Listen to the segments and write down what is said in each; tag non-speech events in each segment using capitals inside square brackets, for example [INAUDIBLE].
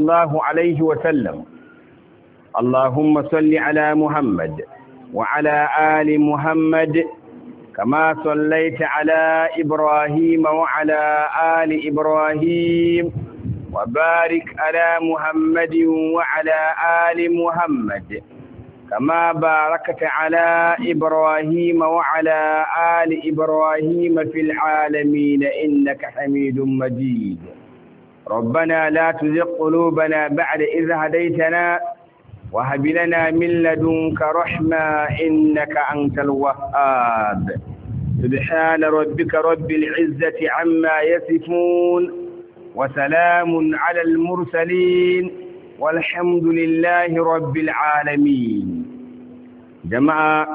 الله عليه وسلم اللهم صل على محمد وعلى آل محمد كما صليت على إبراهيم وعلى آل إبراهيم وبارك على محمد وعلى آل محمد كما باركت على إبراهيم وعلى آل إبراهيم في العالمين إنك حميد مجيد ربنا لا تزغ قلوبنا بعد إذ هديتنا وهب لنا من لدنك رحمة إنك أنت الوهاب سبحان ربك رب العزة عما يصفون وسلام على المرسلين والحمد لله رب العالمين جماعة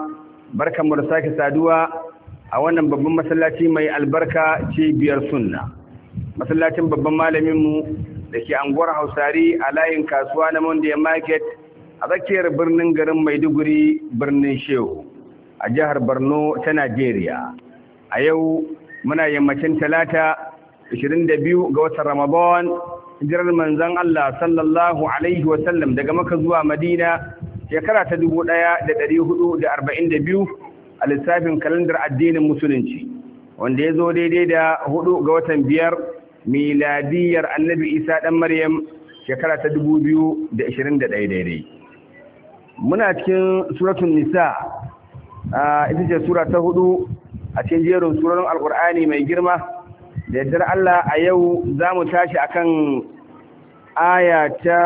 بركة مرساك سادوة a wannan babban masallaci mai albarka cibiyar sunna masallacin babban malaminmu da ke anguwar hausari a layin kasuwa na monday market a tsakiyar birnin garin maiduguri birnin shehu a jihar borno ta najeriya a yau muna yammacin talata 22 ga watan ramadan hijirar manzon allah sallallahu alaihi wasallam daga maka zuwa madina shekara ta da 1442 a lissafin kalandar addinin musulunci wanda ya zo daidai da hudu ga watan biyar miladiyar annabi isa ɗan maryam shekara ta 2021 daidai muna cikin suratun nisa ita ce sura ta hudu a cikin jerin surorin alkur'ani mai girma da yardar allah a yau za mu tashi akan aya ta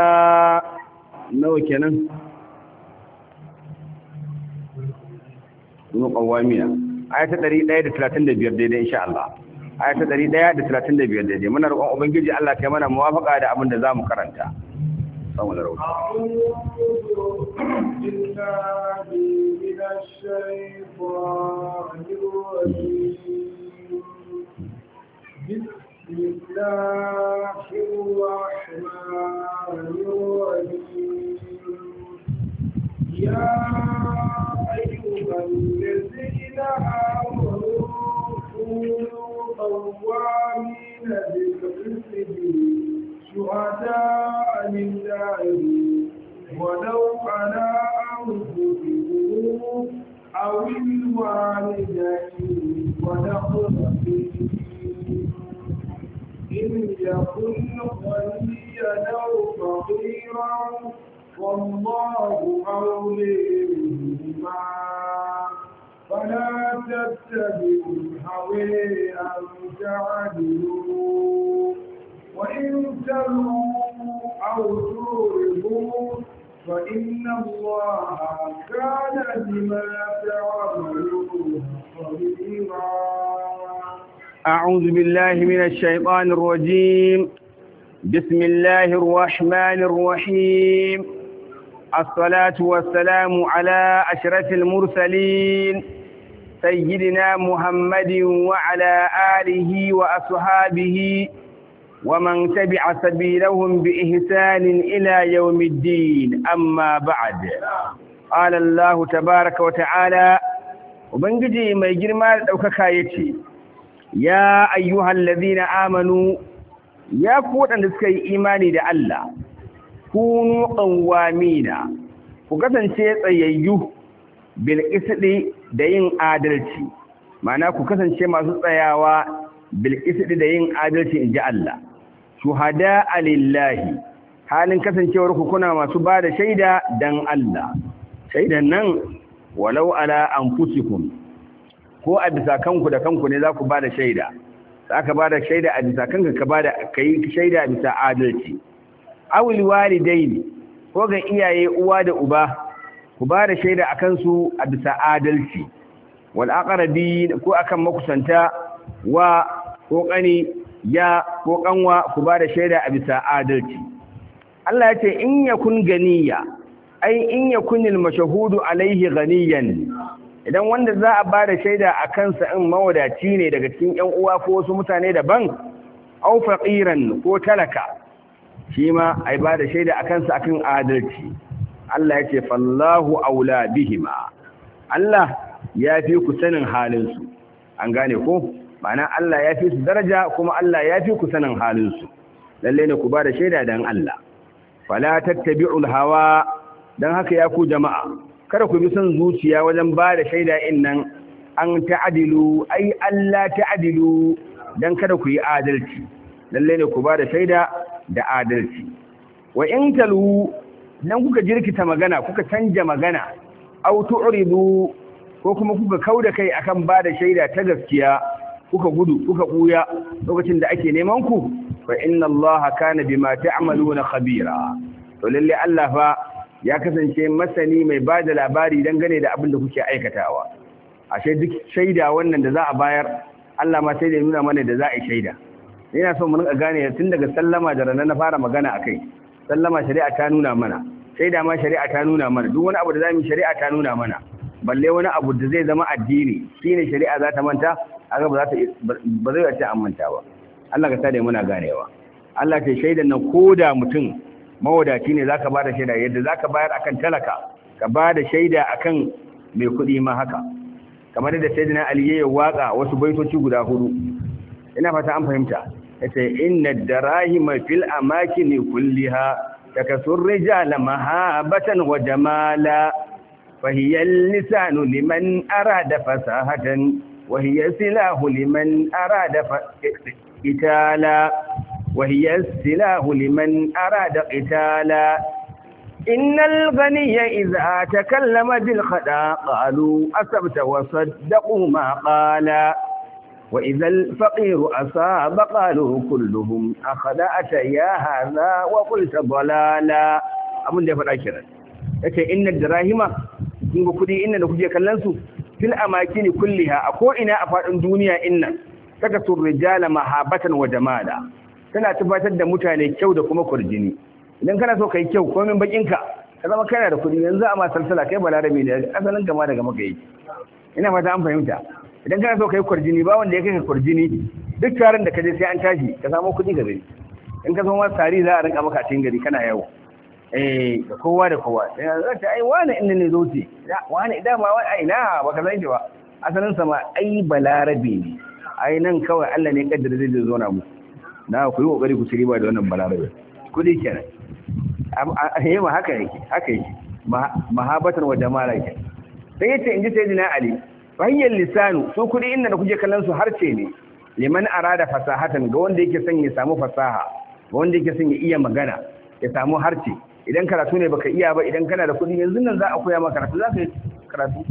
nawa kenan nuqawamiya aya ta 135 daidai insha Allah ayata da aya da biyar daidai muna roƙon ubangiji Allah ta mana muwafaƙa da abin da za mu karanta samu da rahoto بسم يا أيها الذين آمنوا قوامين بالقسط شهداء لله ولو على أنفسهم أو الوالدين ونقربين إن يكن غنيا أو فقيرا والله أولي بما فلا تتبعوا الهوى أن تعدلوا وإن تلووا أو تعرضوا فإن الله كان بما تعملون خبيرا أعوذ بالله من الشيطان الرجيم بسم الله الرحمن الرحيم الصلاة والسلام على أشرف المرسلين سيدنا محمد وعلى آله وأصحابه ومن تبع سبيلهم بإهسان إلى يوم الدين أما بعد قال الله تبارك وتعالى وبنجي ما يجرما وككايتي يا أيها الذين آمنوا يا قوت أن تسكي إيماني دا الله كونوا قوامين وقسن شيء يجوه بالإسلام da yin adalci ma'ana ku kasance masu tsayawa bilqisdi da yin adalci in ji Allah shuhada alillahi halin kasancewar ku kuna masu ba da shaida dan Allah shaidan nan walau ala anfusikum ko a bisa kanku da kanku ne za ku ba da shaida za ka ba da shaida a bisa kanka ka ba da shaida bisa adalci awul walidaini ko ga iyaye uwa da uba ku ba da shaida a kansu a bisa adalci wal'aƙarabi aqrabi ko akan makusanta wa ko ya ko ku ba da shaida a bisa adalci Allah ya ce in kun ganiya ai in ya al mashahudu alaihi ganiyan idan wanda za a ba da shaida a kansa in mawadaci ne daga cikin ƴan uwa ko wasu mutane daban au faqiran ko talaka shi ma ai ba da shaida a kansa akan adalci Allah ya ce fallahu aula bihima Allah ya fi ku sanin halin an gane ko ma'ana Allah ya fi su daraja kuma Allah ya fi ku sanin halin su lalle ne ku ba da shaida dan Allah fala tattabi'ul hawa dan haka ya ku jama'a kada ku bi son zuciya wajen ba da shaida innan an ta'adilu ai Allah ta'adilu dan kada ku yi adalci lalle ne ku ba da shaida da adalci wa in talu nan kuka jirkita magana kuka canja magana aw tu'ridu ko kuma kuka kauda kai akan ba da shaida ta gaskiya kuka gudu kuka buya lokacin da ake neman ku fa inna allaha kana bima ta'maluna khabira to lalle Allah fa ya kasance masani mai ba da labari dangane da abin da kuke aikatawa ashe duk shaida wannan da za a bayar Allah ma sai da nuna mana da za a yi shaida ina so mu rinka gane tun daga sallama da ranar na fara magana akai sallama shari'a ta nuna mana sai da ma shari'a ta nuna mana duk wani abu da zamu shari'a ta nuna mana balle wani abu da zai zama addini shine shari'a za ta manta aga ba za ta ba zai ta amanta ba Allah ka sada muna ganewa Allah ce shaidan nan koda mutum mawadaci ne zaka bada shaida yadda zaka bayar akan talaka ka bada shaida akan mai kuɗi ma haka kamar da sayyidina Ali ya waka wasu baitoci guda hudu ina fata an fahimta yace inna darahima fil amakini kulliha takasur rijala mahabatan wa jamala فهي اللسان لمن أراد hiya وهي liman لمن أراد قتالا وهي silahu لمن أراد قتالا إن الغني إذا تكلم بالخدا قالوا أسبت وصدقوا ما قالا وإذا الفقير أصاب قالوا كلهم أخدأت يا هذا وقلت ضلالا abin da ya faɗa kenan yace inna dirahima kun ga kudi da kuke kallon su fil amakin kulliha a ko'ina a faɗin duniya inna daga sur mahabatan wa jamala tana tabbatar da mutane kyau da kuma kurjini idan kana so ka yi kyau komin bakin ka ka zama kana da kuɗi. yanzu a ma salsala kai balarabe ne asalin gama daga maka yake ina fata an fahimta idan kana so kai kwarjini ba wanda ya kai kwarjini duk taron da ka je sai an tashi ka samo kuɗi ka gari in ka zama tari za a rinka maka cikin gari kana yawo eh da kowa da kowa sai za ta ai wani inda ne zoce wani idan ma wani aina ba ka san shi ba asalin sama ai balarabe ne ai nan kawai Allah ne kaddara zai zo na mu na ku yi kokari ku shiri ba da wannan balarabe kuɗi kenan a eh, ma haka yake haka yake mahabatan wa jamala kenan sai yace in ji sayyidina ali hanyar lisanu su kuɗi inda da kuke kallon su harce ne liman arada fasahatan ga wanda yake son ya samu fasaha ga wanda yake son ya iya magana ya samu harce idan karatu ne baka iya ba idan kana da kuɗi yanzu nan za a koya maka karatu za ka yi karatu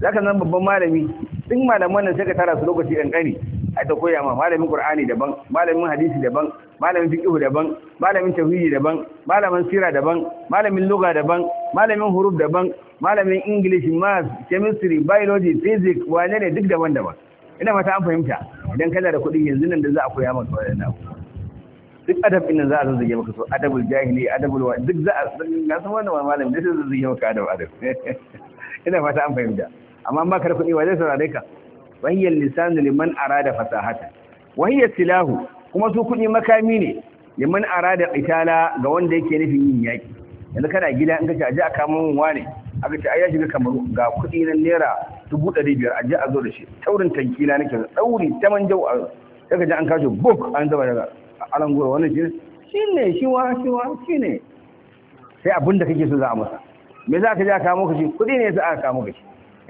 za ka zama babban malami duk malaman nan sai ka tara su lokaci ƙanƙani a ta koya ma malamin qur'ani daban malamin hadisi daban malamin fiqh daban malamin tauhidi daban malamin sira daban malamin lugha daban malamin huruf daban malamin english math chemistry biology physics wane ne duk daban daban ina mata an fahimta idan kana da kuɗi yanzu nan da za a koya maka wannan abu duk adab din nan za a zazzage maka so adabul jahili adabul wa duk za a ga san wannan malamin da zai zazzage maka adab adab [LAUGHS] ina mata an fahimta amma ba ka da kuɗi wa zai saurare ka wahiyar lisanu liman arada fasahata wahiyar silahu kuma su kudi makami ne liman arada qitala ga wanda yake nufin yin yaki yanzu kana gida in kace aje a kama mun wane aka ce ai ya shiga kamaru ga kudi na naira dubu ɗari biyar aje a zo da shi taurin tankila nake da tsauri ta manjau a daga ji an kashe buk an zaba daga alan gura wannan shi shine shi wa shi wa ne sai abin da kake so za a masa me za ka je a kamo ka shi kuɗi ne za a kamo ka shi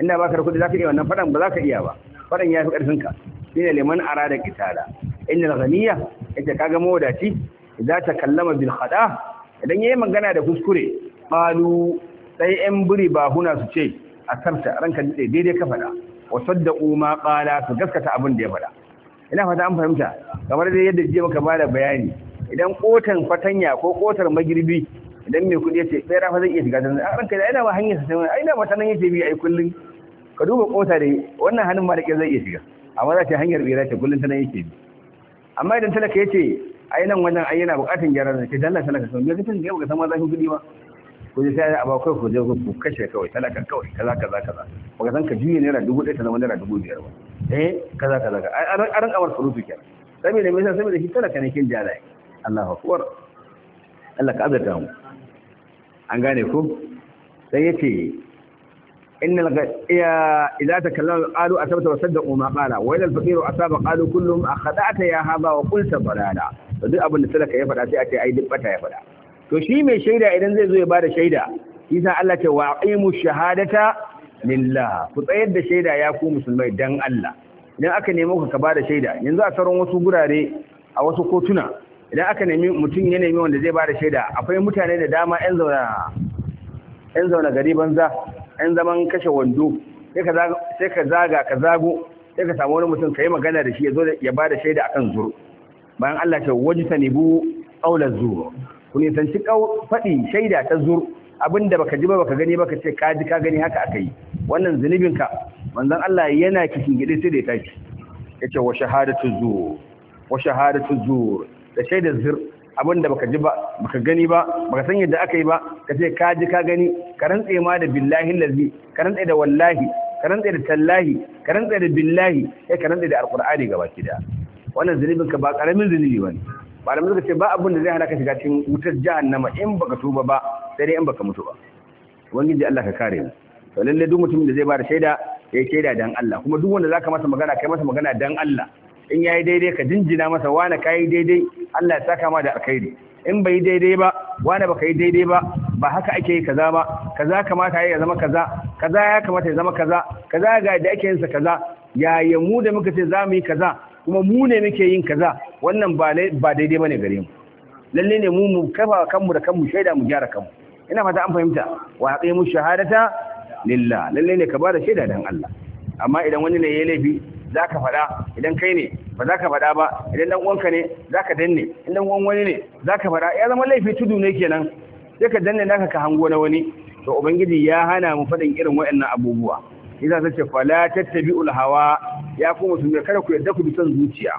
inda ba ka da kudi za ka iya wannan faɗan ba za ka iya ba Faɗin ya fi ƙarfin ka ne liman arada qitala innal ghaniya ita kaga mawadaci Za ta kallama bil khada idan yayi magana da kuskure qalu sai yan buri ba huna su ce a karta ranka dade daidai ka fada wa saddaqu ma qala su gaskata abin da ya fada ina fata an fahimta kamar dai yadda je maka bada bayani idan kotan fatanya ko kotar magirbi idan mai kudi ya ce tsera fa zai iya shiga ta ranka da ina ba hanyar sa ina na tanan yake bi ai kullun ka duba kota da wannan hannun malaka zai iya shiga amma za ta hanyar bera ta kullun tana yake bi amma idan talaka yace ai nan wannan ai yana bukatun gyara ne sai dalla talaka sai me kafin ne baka san ma zafin kudi ba ko sai sai a ba kai ku je ku kashe kawai talaka kawai kaza kaza kaza baka san ka juye naira dubu ɗaya ta zama naira dubu biyar ba eh kaza kaza a ran awar surutu kenan saboda me yasa saboda shi talaka ne kin jalaye Allahu akbar Allah ka azurta mu an gane ko sai yace إن إذا تكلم قالوا أثبت وصدقوا ما قال وإذا الفقير أصاب قالوا كلهم أخدعت يا هذا وقلت ضلالا duk abin da talaka ya faɗa sai a ce a duk bata ya faɗa to shi mai shaida idan zai zo ya bada shaida shi Allah ce wa aqimu shahadata lillah ku da shaida ya ku musulmai dan Allah idan aka nemi ka bada shaida yanzu a sauran wasu gurare a wasu kotuna idan aka nemi mutum ya nemi wanda zai bada shaida akwai mutane da dama yan zauna gari banza 'yan zaman kashe wando sai ka zaga ka zago sai ka samu wani mutum ka yi magana da shi ya zo ya ba da shaida akan zuru bayan Allah ce waji ta nebu ƙaular zuru ku nisanci faɗi shaida ta zuru abin da baka ji ba baka gani baka ce ka ji ka gani haka aka yi wannan ka manzon Allah yana kishin gidi sai da ya ce yace wa shahadatu zur wa shahadatu zur da shaida zur abin da baka ji ba baka gani ba baka san yadda aka yi ba ka ce ka ji ka gani ka rantse ma da billahi lazi ka rantse da wallahi ka rantse da tallahi ka rantse da billahi sai ka rantse da alqur'ani gaba ki da wannan zunubin ka ba karamin zunubi bane malamai suka ce ba abin da zai hana ka shiga cikin wutar jahannama in baka tuba ba sai dai in baka mutu ba ubangiji Allah ka kare mu to lalle duk mutumin da zai ba da shaida ya shaida dan Allah kuma duk wanda zaka masa magana kai masa magana dan Allah in yayi daidai ka jinjina masa wani kayi daidai Allah ya saka ma da alkhairi in bai daidai ba wani baka yi daidai ba ba haka ake yi kaza ba kaza kamata ya zama kaza kaza ya kamata ya zama kaza kaza ga da ake yin sa kaza Ya mu da muka ce za mu yi kaza kuma mu ne muke yin kaza wannan ba ba daidai bane gare mu lalle ne mu mu kafa kanmu da kanmu shaida mu gyara kanmu ina fata an fahimta wa aqimu shahadata lillah lalle ne ka ba da shaida dan Allah amma idan wani ne ya laifi za ka faɗa idan kai ne ba za ka faɗa ba idan dan uwanka ne za ka danne idan uwan wani ne za ka faɗa ya zama laifi tudu ne kenan sai ka danne naka ka hango na wani to ubangiji ya hana mu faɗin irin waɗannan abubuwa yasa sace fala tattabi'ul hawa ya ku ya kada ku yarda ku bi son zuciya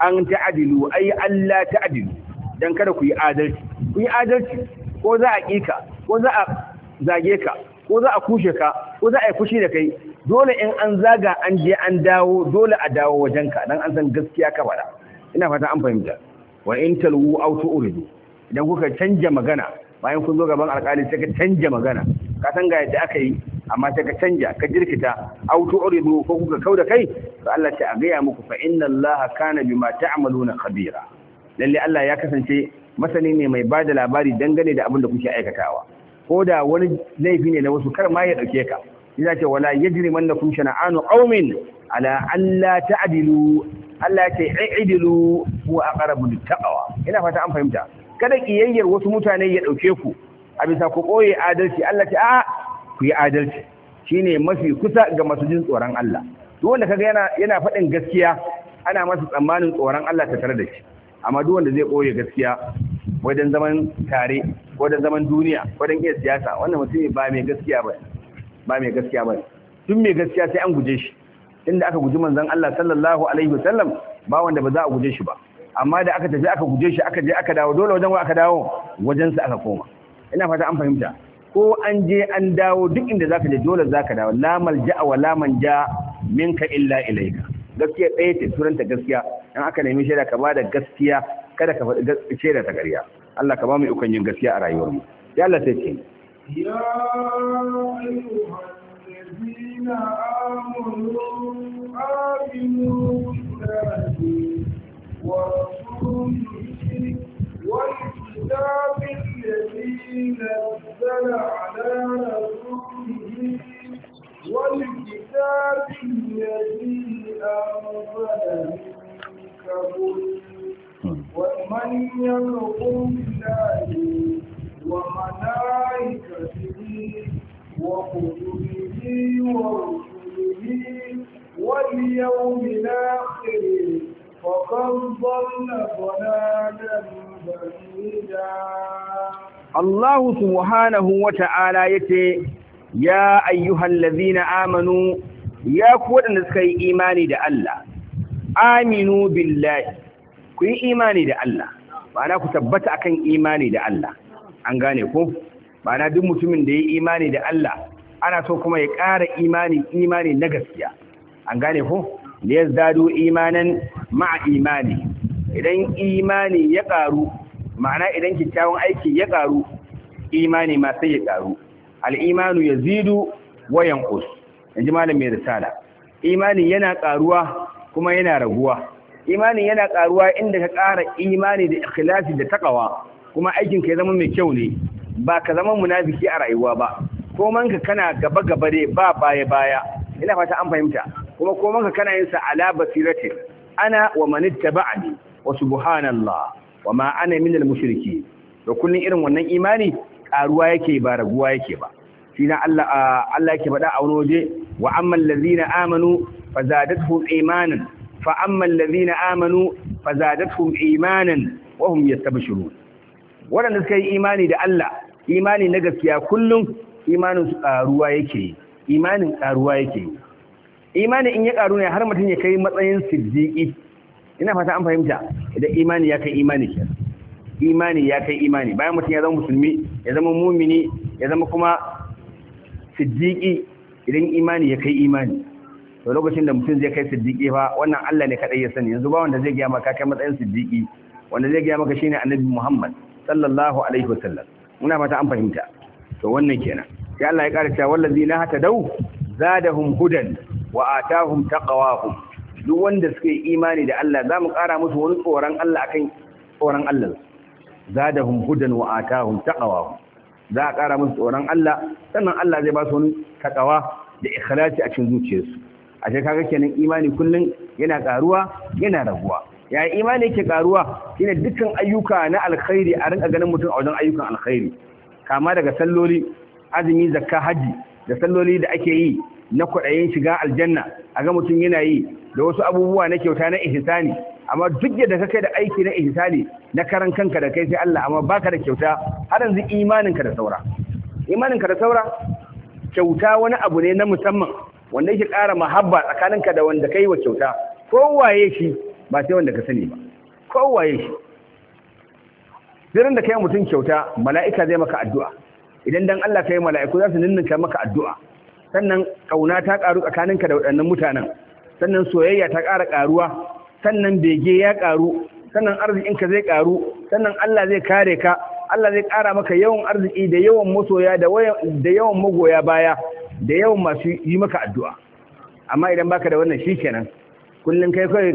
an ta'adilu ai Allah ta'adilu dan kada ku yi adalci ku yi adalci ko za a kika ko za a zage ka ko za a kushe ka ko za a yi fushi da kai dole in an zaga an je an dawo dole a dawo wajenka dan an san gaskiya ka faɗa ina fata an fahimta wa in talwu aw idan kuka canja magana bayan kun zo gaban alƙali sai ka canja magana ka san ga yadda aka yi amma sai ka canja ka jirkita aw tu'ridu ko kuka kauda kai to Allah ta gaya muku fa inna Allah kana bima ta'maluna khabira lalle Allah ya kasance masani ne mai bada labari dangane da abin da kuke aikatawa ko da wani laifi ne na wasu kar ma ya dauke ka ya ce wala yajrimannakum shana'anu qaumin ala alla ta'dilu Allah ce i'dilu wa aqrabu littaqwa ina fata an fahimta kada ki kiyayyar wasu mutane ya dauke ku a bisa ku koye adalci Allah ce a ku yi adalci shine mafi kusa ga masu jin tsoron Allah duk wanda kaga yana yana faɗin gaskiya ana masa tsammanin tsoron Allah ta tare da shi amma duk wanda zai koye gaskiya wajen zaman tare wajen zaman duniya wajen iya siyasa wannan mutum ba mai gaskiya ba ba mai gaskiya ba tun mai gaskiya sai an guje shi inda aka guji manzan Allah sallallahu alaihi wasallam ba wanda ba za a guje shi ba amma da aka tafi aka guje shi aka je aka dawo dole wajen aka dawo wajen sa aka koma ina fata an fahimta ko an je an dawo duk inda zaka je dole zaka dawo la malja wa la manja minka illa ilayka gaskiya ɗaya ce turanta gaskiya in aka nemi shaida ka bada gaskiya kada ka faɗi shaida ta ƙarya Allah ka ba mu ikon yin gaskiya a rayuwarmu ya Allah sai ce يا أيها الذين آمنوا آمنوا بالله ورسوله والكتاب الذي نزل على Allah, subhanahu wa ta'ala ya ce ya ayyuhan ayyuhallazina amanu ya ku waɗanda suka yi imani da Allah aminu billahi ku yi imani da Allah ma'ana ku tabbata akan imani da Allah an gane ku. Ba na duk mutumin da ya yi imani da Allah ana so kuma ya ƙara imani imani na gaskiya an gane ku. da ya imanan ma'a imani idan imani ya ƙaru ma'ana idan kyakkyawan aiki ya karu, imani ma sai ya ƙaru al'imanu ya zidu wayan us in ji malam mai risala imani yana karuwa kuma yana raguwa imani yana ƙaruwa inda ka kara imani da ikhlasi da takawa kuma aikin ka ya zama mai kyau ne ba ka zama munafiki a rayuwa ba ko manka kana gaba gaba ne ba baya baya ina fata an fahimta kuma ko manka kana yin sa ala basiratin ana wa manittaba'ani wa subhanallah wa ma ana min al-mushriki da kullun irin wannan imani karuwa yake ba raguwa yake ba shi na Allah Allah yake faɗa a wani waje wa amman allazina amanu fazadatuhum imanan fa amman allazina amanu fazadatuhum imanan wa hum yastabshirun wannan suka yi imani da Allah imani na gaskiya kullum imanin su karuwa yake imanin karuwa yake Imani in ya karu ne har mutum ya kai matsayin siddiqi ina fata an fahimta idan imani ya kai imani ke imani ya kai imani bayan mutum ya zama musulmi ya zama mumini ya zama kuma siddiqi idan imani ya kai imani to lokacin da mutum zai kai siddiqi fa wannan Allah ne kadai ya sani yanzu ba wanda zai gaya maka kai matsayin siddiqi wanda zai gaya maka shine annabi Muhammad sallallahu alaihi wasallam muna fata an fahimta to wannan kenan sai Allah ya karanta wallazi na hata dau zadahum hudan wa atahum taqawahum duk wanda suka yi imani da Allah za mu ƙara musu wani tsoron Allah akan tsoron Allah hun hudan wa hun taqwa za a ƙara musu tsoron Allah sannan Allah zai ba su wani taqwa da ikhlasi a cikin zuciyarsu a ce kaga kenan imani kullum yana ƙaruwa yana raguwa ya imani yake ƙaruwa shine dukkan ayyuka na alkhairi a rinka ganin mutum a wajen ayyukan alkhairi kama daga salloli azumi zakka hajji, da salloli da ake yi na kwaɗayin shiga aljanna a ga mutum yana yi da wasu abubuwa na kyauta na ihsani amma duk da ka kai da aiki na ihsani na karan kanka da kai sai Allah amma baka da kyauta har yanzu imaninka da saura imaninka da saura kyauta wani abu ne na musamman wanda yake ƙara mahabba tsakaninka da wanda kai wa kyauta kowaye shi ba sai wanda ka sani ba kowaye shi zirin da kai mutum kyauta mala'ika zai maka addu'a idan dan Allah kai mala'iku za su ninninka maka addu'a sannan ƙauna ta ƙaru tsakaninka da waɗannan mutanen sannan soyayya ta ƙara ƙaruwa sannan bege ya ƙaru sannan arzikinka zai ƙaru sannan Allah zai kare ka Allah zai ƙara maka yawan arziki da yawan masoya da yawan magoya baya da yawan masu yi maka addu'a amma idan baka da wannan shikenan kullum kai kai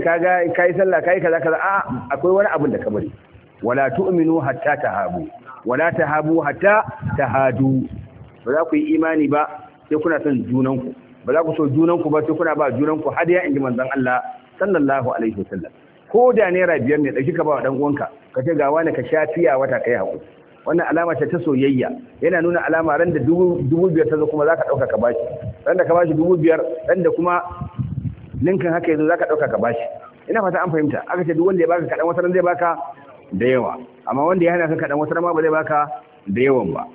ka kai sallah kai kaza kaza a akwai wani abin da ka bari wala tu'minu hatta tahabu wala tahabu hatta tahadu ba za ku yi imani ba sai kuna son junanku ba za ku so junanku ba sai kuna ba junanku har ya inji manzon Allah sallallahu alaihi wasallam ko da naira biyar ne dauki ka ba dan ɗan uwanka ka ce ga wani ka sha fiya wata kai haƙuri wannan alama ce ta soyayya yana nuna alama ran da dubu biyar ta zo kuma za ka ɗauka ka bashi ran da ka bashi dubu biyar ran da kuma linkin haka yanzu za ka ɗauka ka bashi ina fata an fahimta aka ce duk wanda ya baka kaɗan wata ran zai baka da yawa amma wanda ya hana ka kaɗan wata ran ma ba zai baka da yawan ba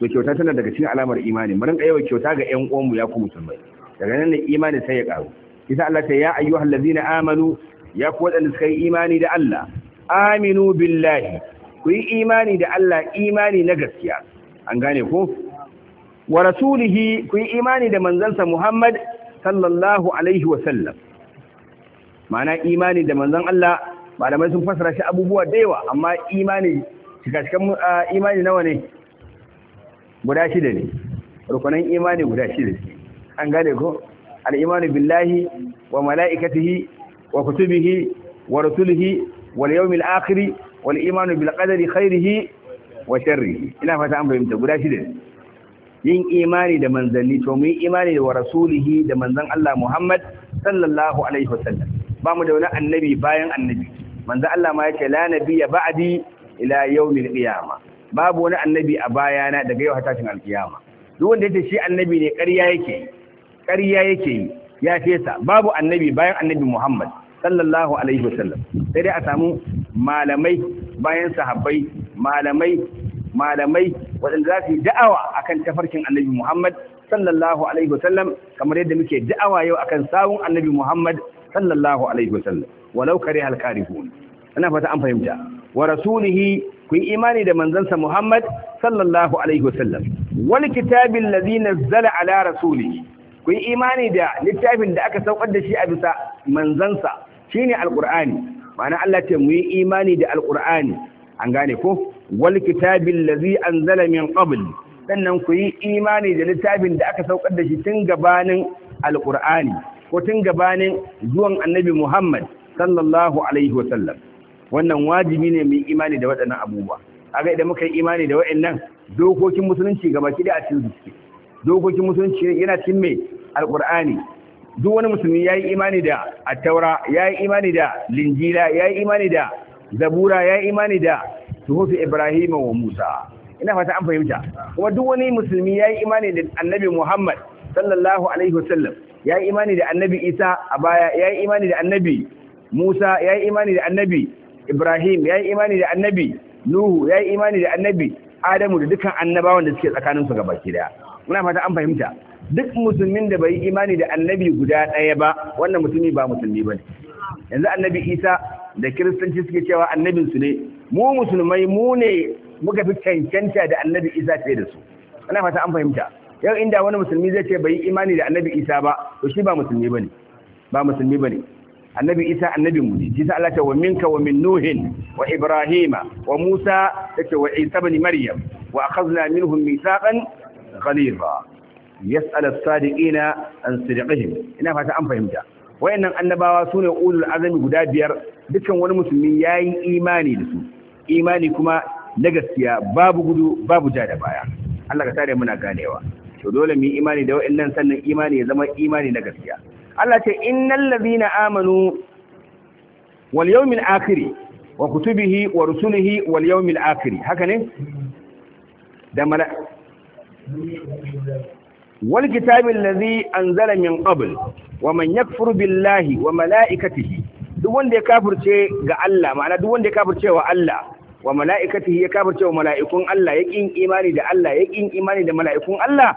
to kyauta tana daga cikin alamar imani mu rinka yawa kyauta ga ƴan uwanmu ya ku musulmai daga nan ne imani sai ya karu kisa Allah ta ya ayyuhal ladina amanu ya ku wadanda suka yi imani da Allah aminu billahi ku yi imani da Allah imani na gaskiya an gane ko wa rasulihi ku yi imani da manzansa Muhammad sallallahu alaihi wa sallam ma'ana imani da manzon Allah malamai sun fassara shi abubuwa da yawa amma imani cikakken imani nawa ne guda shida ne rukunan imani guda shida ne an gane ko al-imanu billahi wa mala'ikatihi wa kutubihi wa rasulihi, wal yawmil akhir wal imanu bil qadari khairihi wa sharrihi ina fata an fahimta guda shida ne yin imani da manzanni to mu yi imani da wa rasulihi da manzan Allah Muhammad sallallahu alaihi wasallam ba mu da wani annabi bayan annabi manzan Allah ma yake la nabiyya ba'di ila yawmil qiyamah babu wani annabi a bayana daga yau tashin alkiyama duk wanda yace shi annabi ne ƙarya yake ƙarya yake yi ya fesa babu annabi bayan annabi Muhammad sallallahu alaihi wasallam sai dai a samu malamai bayan sahabbai malamai malamai waɗanda za su yi da'awa akan tafarkin annabi Muhammad sallallahu alaihi wasallam kamar yadda muke da'awa yau akan sawun annabi Muhammad sallallahu alaihi wasallam walau kare halkarihun ina fata an fahimta wa rasulihi ku yi imani da manzansa Muhammad sallallahu alaihi wasallam wal kitabil ladzi nazzala ala rasuli ku yi imani da littafin da aka saukar da shi a bisa manzansa shine alqur'ani ma'ana Allah ce mu yi imani da alqur'ani an gane ko wal kitabil ladzi anzala min qabl sannan ku yi imani da littafin da aka saukar da shi tun gabanin alqur'ani ko tun gabanin zuwan annabi Muhammad sallallahu alaihi wasallam wannan wajibi ne mu imani da waɗannan abubuwa aga idan muka yi imani da waɗannan dokokin musulunci gaba baki da a cikin zuci dokokin musulunci yana cikin mai alqur'ani duk wani musulmi yayi imani da at-taura yayi imani da linjila yayi imani da zabura yayi imani da suhufi ibrahim wa musa ina fata an fahimta kuma duk wani musulmi yayi imani da annabi muhammad sallallahu alaihi wasallam yayi imani da annabi isa a baya yayi imani da annabi musa yayi imani da annabi Ibrahim ya yi imani da annabi Nuhu ya yi imani da annabi Adamu da dukkan annabawan da suke tsakaninsu baki daya muna fata an fahimta duk musulmin da bai imani da annabi guda ɗaya ba wannan mutumi ba musulmi ba ne yanzu annabi isa da kiristanci suke cewa annabin ne mu musulmai mu ne muka fi cancanta da annabi isa fiye da su Muna fata an fahimta yau inda wani musulmi zai ce bai imani da annabi isa ba to shi ba musulmi ba ne annabi isa annabin mu shi sa Allah ta wa minka wa min nuhin wa ibrahima wa musa tace wa isa ibn maryam wa akhadna minhum mithaqan ghaliza yas'al as-sadiqina an sidqihim ina fata an fahimta wayannan annabawa sune ulul azami guda biyar dukan wani musulmi yayi imani da su imani kuma na gaskiya babu gudu babu ja da baya Allah ka tare muna ganewa to dole mu yi imani da wayannan sannan imani ya zama imani na gaskiya Allah ce innal ladina amanu wal yawmil akhir wa kutubihi wa rusulihi wal yawmil akhir haka ne da mala wal kitabil ladhi anzala min qabl wa man yakfur billahi wa malaikatihi duk wanda ya kafirce ga Allah ma'ana duk wanda ya kafirce wa Allah wa mala'ikatihi ya kafirce wa mala'ikun Allah ya kin imani da Allah ya kin imani da mala'ikun Allah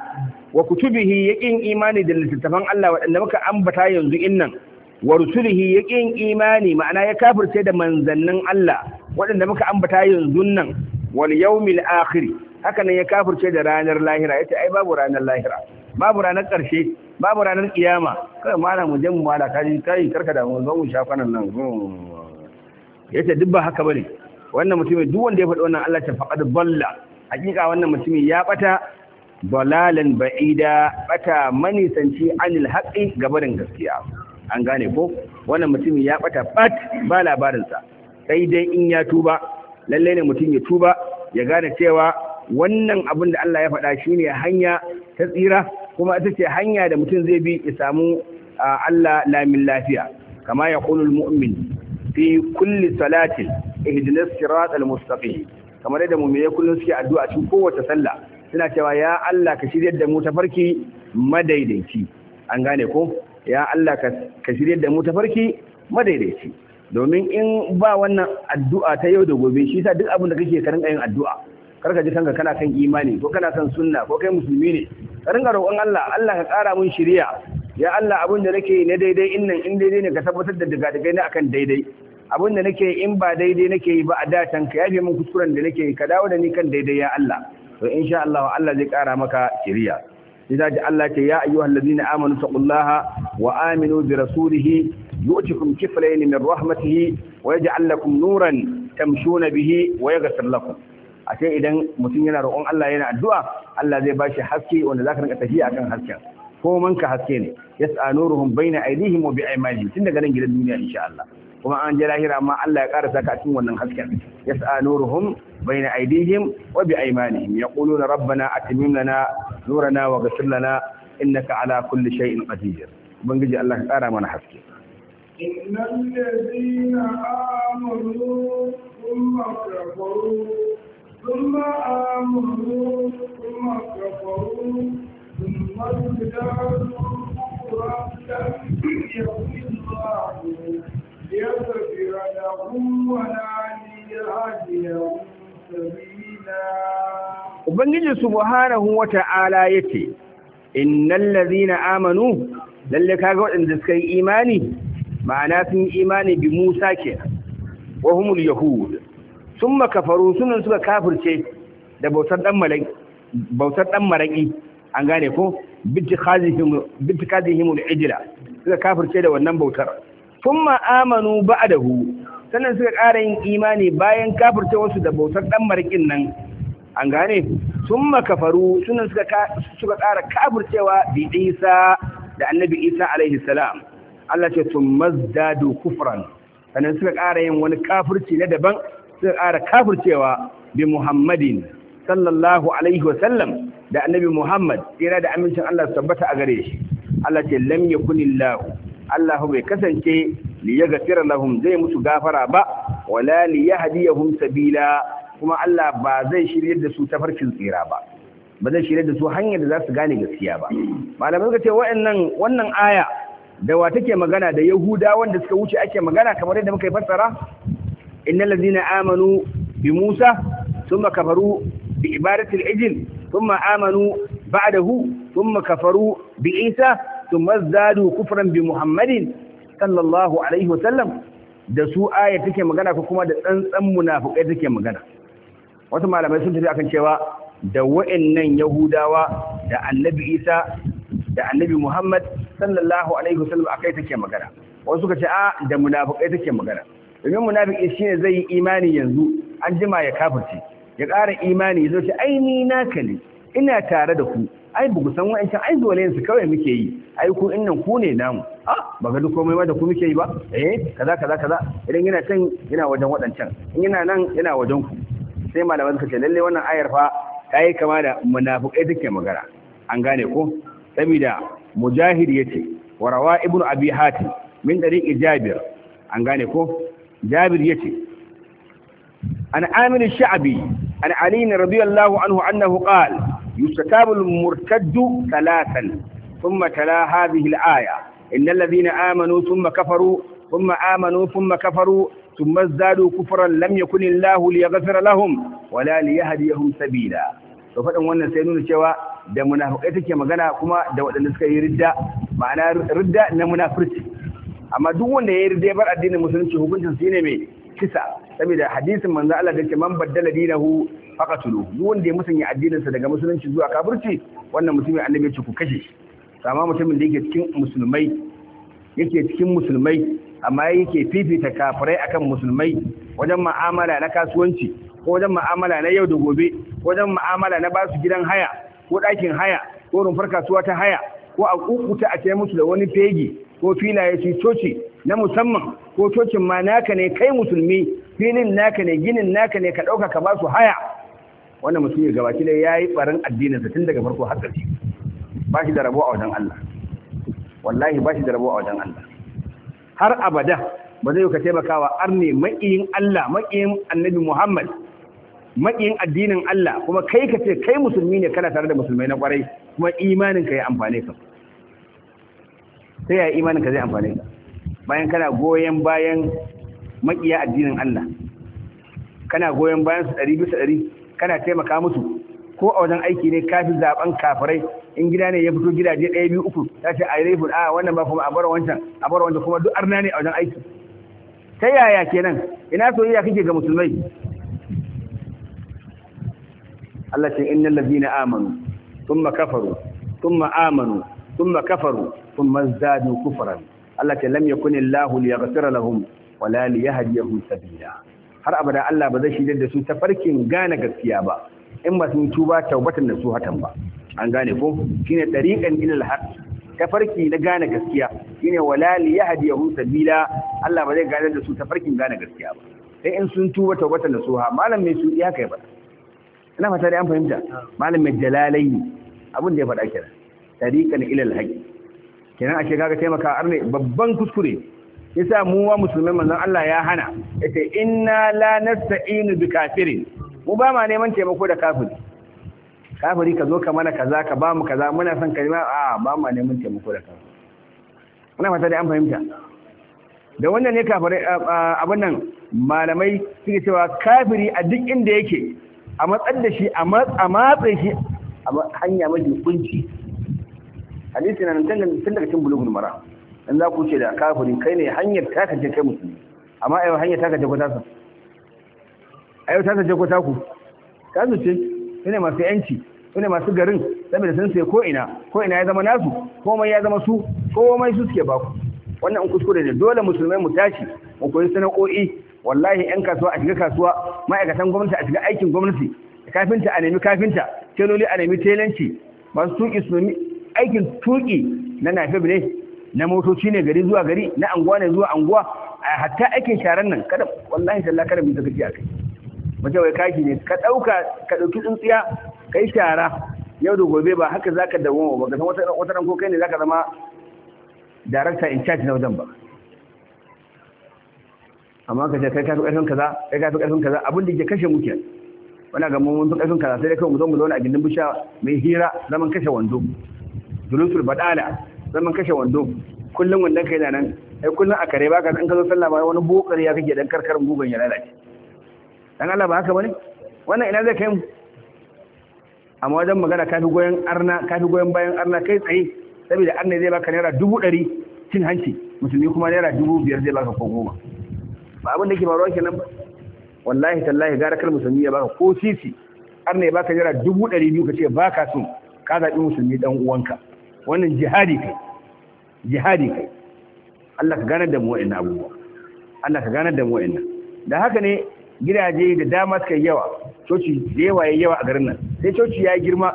wa kutubihi yaƙin imani da littattafan Allah waɗanda muka ambata yanzu innan wa rusulihi yaƙin imani ma'ana ya kafirce da manzannin Allah waɗanda muka ambata yanzu nan wal yawmil akhir haka nan ya kafirce da ranar lahira yace ai babu ranar lahira babu ranar ƙarshe babu ranar kiyama kai mana mu je mu mala kai kai karka da mu zo mu sha kwanan nan yace duk ba haka bane wannan mutumin duk wanda ya faɗi wannan Allah ta faqad balla hakika wannan mutumin ya bata dalalan ba'ida bata manisanci anil haƙi gabarin gaskiya an gane ko wannan mutumin ya bata bat ba labarinsa sai dai in ya tuba lallai ne mutum ya tuba ya gane cewa wannan abin da Allah ya faɗa shine hanya ta tsira kuma ita ce hanya da mutum zai bi ya samu Allah lamin lafiya kama ya qulul mu'min fi kulli salatin ihdinas siratal mustaqim kamar yadda mu'mini kullun suke addu'a cikin kowace sallah suna cewa ya Allah ka shirya da mu tafarki madaidaici an gane ko ya Allah ka shirya da mu tafarki madaidaici domin in ba wannan addu'a ta yau da gobe shi sa duk abin da kake ka rinka yin addu'a kar ka ji kanka kana kan imani ko kana kan sunna ko kai musulmi ne ka rinka roƙon Allah Allah ka ƙara mun shirya ya Allah abin da nake na daidai in nan in daidai ne ka tabbatar da daga daga na akan daidai abin da nake in ba daidai nake yi ba a datan ka yafe min kuskuren da nake ka dawo da ni kan daidai ya Allah to insha Allah Allah zai kara maka shiriya idan ji Allah ce ya ayyuhal ladina amanu taqullaha wa aminu bi rasulihi yu'tikum kiflayn min rahmatihi wa yaj'al lakum nuran tamshuna bihi wa yaghfir lakum ce idan mutum yana roƙon Allah yana addu'a Allah zai bashi haske wanda zaka rinka tafiya akan hasken ko manka haske ne yas'a nuruhum bayna aydihim wa bi aymanihim tun daga nan gidan duniya insha Allah kuma an je lahira ma Allah ya ƙara saka cikin wannan hasken yas'a nuruhum baina aydihim wa bi aymanihim yaquluna rabbana atimim lana nurana wa ghfir lana innaka ala kulli shay'in qadir ubangiji Allah ya kara mana haske innal ladina amanu thumma kafaru thumma amanu thumma kafaru thumma ازدادوا كفرا لم يغفر الله ليغفر لهم ولا ليهديهم سبيلا Ubangiji subhanahu wa ta'ala ya ce, Innan lazina amanu, lalle kaga waɗanda suka yi imani, ma'ana sun yi imani bi Musa ke, wa humul Yahud, sun makafaru sunan suka kafirce da bautar ɗan maraƙi, an gane ko, bitti himul ijila, suka kafirce da wannan bautar. thumma amanu ba'dahu sannan suka ƙara yin imani bayan kafirce wasu da bautar ɗan marƙin nan an gane sun kafaru sannan suka suka ƙara kafircewa bi Isa da Annabi Isa alaihi salam Allah ce thumma zadu kufran sannan suka ƙara yin wani kafirci na daban suka ƙara kafircewa bi Muhammadin sallallahu alaihi wa sallam da Annabi Muhammad tsira da amincin Allah su tabbata a gare shi Allah ce lam yakunillahu Allah bai kasance li yaghfira lahum zai musu gafara ba wala li yahdiyahum sabila kuma Allah ba zai shirye da su tafarkin tsira ba ba zai shirye da su hanyar da za su gane gaskiya ba malamai suka ce wa'annan wannan aya da wa take magana da yahuda wanda suka wuce ake magana kamar yadda muka yi fassara innal ladzina amanu bi musa thumma kafaru bi ibadati al-ijl thumma amanu ba'dahu thumma kafaru bi isa thumma zadu kufran bi muhammadin sallallahu alaihi wasallam da su aya take magana ko kuma da tsantsan munafikai take magana wasu malamai sun tafi akan cewa da wa'annan yahudawa da annabi isa da annabi muhammad sallallahu alaihi wasallam akai take magana wasu suka ce a da munafikai take magana domin munafiki shine zai yi imani yanzu an jima ya kafirce ya ƙara imani ya ce ai ni naka ne ina tare da ku ai bugu san wa'ancan ai dole yanzu kawai muke yi Aiku innan ku ne namu ah ba ga duk komai ma da ku muke yi ba eh kaza kaza kaza idan yana can yana wajen waɗancan in yana nan yana wajen ku sai malaman suka ce lalle wannan ayar fa ta yi kama da munafukai take magana an gane ko saboda mujahid yace wa rawa ibnu abi hatim min dariqi jabir an gane ko jabir yace an amir sha'abi, an ali radiyallahu anhu annahu qala yustakabu al-murtaddu thalathan ثم تلا هذه الآية إن الذين آمنوا ثم كفروا ثم آمنوا ثم كفروا ثم ازدادوا كفرا لم يكن الله ليغفر لهم ولا ليهديهم سبيلا to faɗin wannan sai nuna cewa da munafikai take magana kuma da waɗanda suka yi ridda ma'ana ridda na munafirci amma duk wanda ya yi ridda bar addinin musulunci hukuncin su ne mai kisa saboda hadisin manzo Allah da ke man baddala dinahu faqatulu duk wanda ya musanya addinin sa daga musulunci zuwa kafirci wannan mutumin annabi ya ce ku kashe shi amma mutumin da yake cikin musulmai yake cikin musulmai amma yake fifita kafirai akan musulmai wajen ma'amala na kasuwanci ko wajen ma'amala na yau da gobe ko wajen ma'amala na basu gidan haya ko ɗakin haya ko rumfar kasuwa ta haya ko a kukuta a ce musu da wani fegi ko filaye su coci na musamman ko cocin ma naka ne kai musulmi filin naka ne ginin naka ne ka ɗauka ka basu haya wannan mutum ya gabaki da ya yi ɓarin addininsa tun daga farko har ƙarshe ba shi da rabo a wajen Allah wallahi ba shi da rabo a wajen Allah har abada ba zai ka taimakawa arne maƙiyin Allah maƙiyin annabi Muhammad maƙiyin addinin Allah kuma kai ka ce kai musulmi ne kana tare da musulmai na kwarai kuma imanin ka ya amfane ka sai ya imanin ka zai amfane ka bayan kana goyon bayan maƙiya addinin Allah kana goyon bayan su ɗari bisa ɗari kana taimaka musu ko a wajen aiki ne kafi zaben kafirai in gida ne ya fito gidaje ɗaya biyu uku ta ce a yi a wannan ba kuma a bar wancan a bar wancan kuma duk arna ne a wajen aiki ta yaya kenan ina soyayya kake ga musulmai Allah ce innal ladina amanu thumma kafaru thumma amanu thumma kafaru thumma zadu kufran Allah ce lam yakun Allahu liyaghfira lahum wala liyahdiyahum sabila har abada Allah ba zai shirye da su tafarkin gane gaskiya ba in ba sun tuba taubatan da su hatan ba an gane ko shine tariqan ila al Ta tafarki na gane gaskiya shine wala li yahdihum sabila Allah ba zai gane da su tafarkin gane gaskiya ba sai in sun tuba taubatan da su ha malam mai su iya kai ba ina fata dai an fahimta malam mai jalalai abin da ya faɗa kenan tariqan ila al-haq kenan ake kaga taimaka arne babban kuskure yasa mu wa musulmai manzon Allah ya hana yace inna la nasta'inu bi kafirin mu ba ma neman taimako da kafiri kafiri ka zo ka mana kaza ka ba mu kaza muna son ka a ba ma neman taimako da kafiri muna fata da an fahimta da wannan ne kafirai abin nan malamai suke cewa kafiri a duk inda yake a matsar da shi a matsa shi a hanya mafi kunci hadisi na nan tun daga cin bulugun mara in za ku ce da kafiri kai ne hanyar takace kai musulmi amma yau hanyar takace ku tasa ayo ta sace ko taku Ka su ce ne masu yanci ne masu garin saboda sun sai ko ina ko ina ya zama nasu komai ya zama su komai su suke baku wannan in kuskure ne dole musulmai mu tashi mu koyi sana'o'i wallahi yan kasuwa a shiga kasuwa ma'aikatan gwamnati a shiga aikin gwamnati kafinta a nemi kafinta teloli a nemi telanci masu tuki su nemi aikin tuki na nafe ne na motoci ne gari zuwa gari na anguwa ne zuwa anguwa hatta aikin sharan nan kada wallahi sallah kada mu ta gaji a kai Mutum wai kaki ne ka ɗauka ka ɗauki tsintsiya ka yi shara yau da gobe ba haka za ka dawo ba ka san wata ran ko kai ne za ka zama darakta in charge na wajen ba amma ka ce kai ka fi ƙarfin kaza kai ka fi ƙarfin kaza abin da ke kashe muke wani ga mun fi ƙarfin kaza sai dai kawai mu zo mu zauna a gindin bisha mai hira zaman kashe wando julusul baɗala zaman kashe wando kullum wannan kai na nan ai kullum a kare baka in ka zo sallah ba wani bokari ya kake dan karkarin gugun ya lalace dan Allah ba haka bane wannan ina zai kai mu amma wajen magana kafi goyon arna kafi goyon bayan arna kai tsaye saboda arna zai baka naira dubu ɗari cin hanci musulmi kuma naira dubu biyar zai baka ko goma ba abin da ke faruwa kenan ba wallahi tallahi gara kar musulmi ya baka ko sisi arna ya baka naira dubu ɗari biyu ka ce baka so ka zaɓi musulmi dan uwanka wannan jihadi kai jihadi kai Allah ka ganar da mu wa'annan abubuwa Allah ka ganar da mu wa'annan da haka ne gidaje da dama suka yi yawa coci da yawa ya yawa a garin nan sai coci ya girma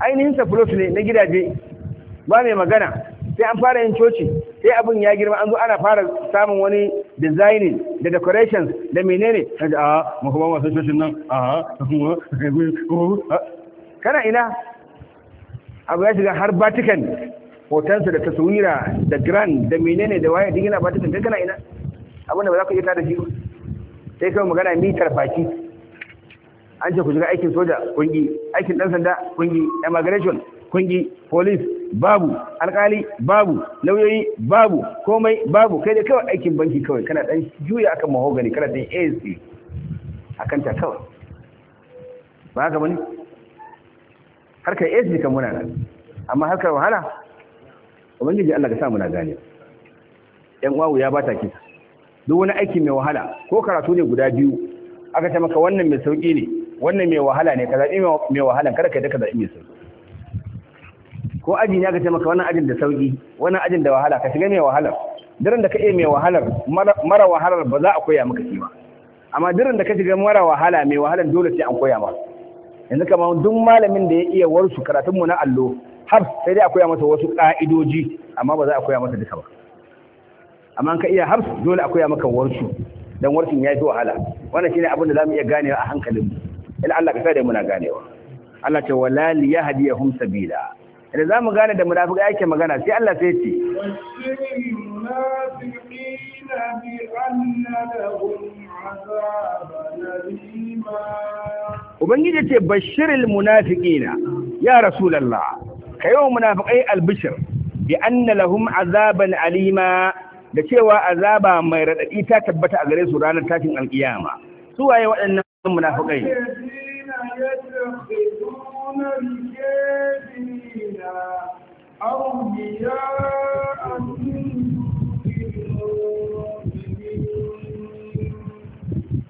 ainihin sa fulot ne na gidaje ba mai magana sai an fara yin coci sai abin ya girma an zo ana fara samun wani designing da decorations da menene kaji a makuma masu cocin nan a kana ina abu ya shiga har batikan hotonsa da taswira da grand da menene da waye duk batikan kana ina abin da ba za ku iya tada shi ba sai kawai magana mitar faki an ce ku shiga aikin soja kungi aikin dan sanda kungi immigration kungi police babu alkali babu lauyoyi babu komai babu kai da kawai aikin banki kawai kana dan juya akan mahogani kana dan ANC akan ta kawai ba ga bane kai ANC kan muna nan amma kai wahala ubangiji Allah ka sa muna gane yan wawu ya bata kisa duk wani aiki mai wahala ko karatu ne guda biyu aka ce maka wannan mai sauki ne wannan mai wahala ne ka zaɓi mai wahala kada kai da ka zaɓi mai sauki ko aji ne aka ce maka wannan ajin da sauki wannan ajin da wahala ka shiga mai wahalar daren da ka iya mai wahalar mara wahalar ba za a koya maka shi ba amma daren da ka shiga mara wahala mai wahalar dole sai an koya ma yanzu kamar duk malamin da ya iya warsu karatunmu na allo har sai dai a koya masa wasu ƙa'idoji amma ba za a koya masa duka ba amma ka iya harsu dole akwai maka warsu dan warshin ya fi wahala wannan shine abin da zamu iya ganewa a hankalin mu in Allah ka sa da muna ganewa Allah ta wala li yahdihum sabila idan zamu gane da munafiki yake magana sai Allah sai ce Ubangiji ce bashiril munafiqina ya rasulullah kayo munafiqai albishir bi anna lahum azaban alima da cewa azaba mai raɗaɗi ta tabbata a gare su ranar tashin alƙiyama su waye waɗannan munafukai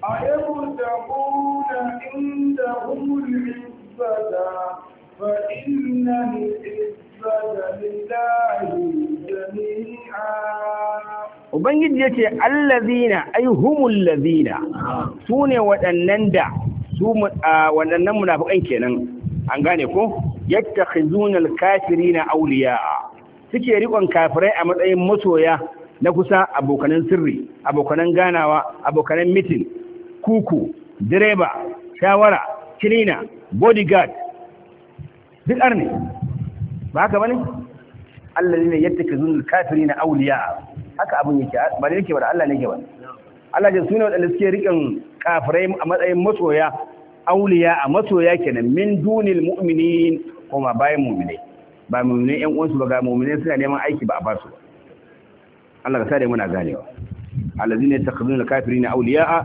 أيبتغون عندهم العزة فإن العزة Ubangiji ya ce, Allazina, ai, humul lazina, su ne waɗannan da, su waɗannan munafukan kenan, an gane ko? Yadda khizunal kafiri na auliya suke riƙon kafirai a matsayin masoya na kusa abokanan sirri, abokanan ganawa, abokanan mitin, kuku, direba, shawara, kirina bodyguard, duk arni. ba haka bane alladhina yattakizun na auliya haka abun yake ba ne yake ba Allah ne yake ba Allah ya sunan wadanda suke rikin kafirai a matsayin masoya auliya a masoya kenan min dunil mu'minin kuma bayan mu'minai ba mu'minai ƴan uwansu ba ga mu'minai suna neman aiki ba a ba su Allah ka sare muna ganewa alladhina al-kafirina awliya'a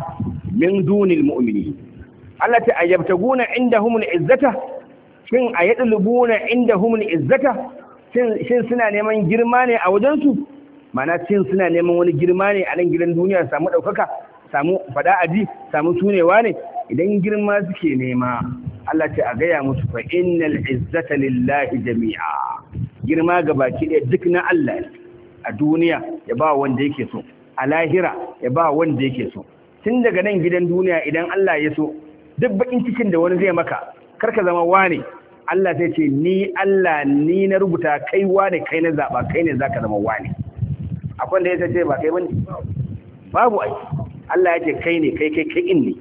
min dunil mu'minin Allah ta ayyabtaguna indahum izzata shin a yaɗi na inda humun izzata shin suna neman girma ne a wajensu mana shin suna neman wani girma ne a nan gidan duniya samu ɗaukaka samu faɗa aji samu sunewa ne idan girma suke nema Allah ce a gaya musu fa innal izzata lillahi jami'a girma ga baki ɗaya duk na Allah a duniya ya ba wanda yake so a lahira ya ba wanda yake so tun daga nan gidan duniya idan Allah ya so duk bakin cikin da wani zai maka karka zama wane Allah sai ce ni Allah ni na rubuta kai wane kai na zaɓa kai ne zaka zama wane akwai da ya ce ba kai bane babu ai Allah ya ce kai ne kai kai kai in ne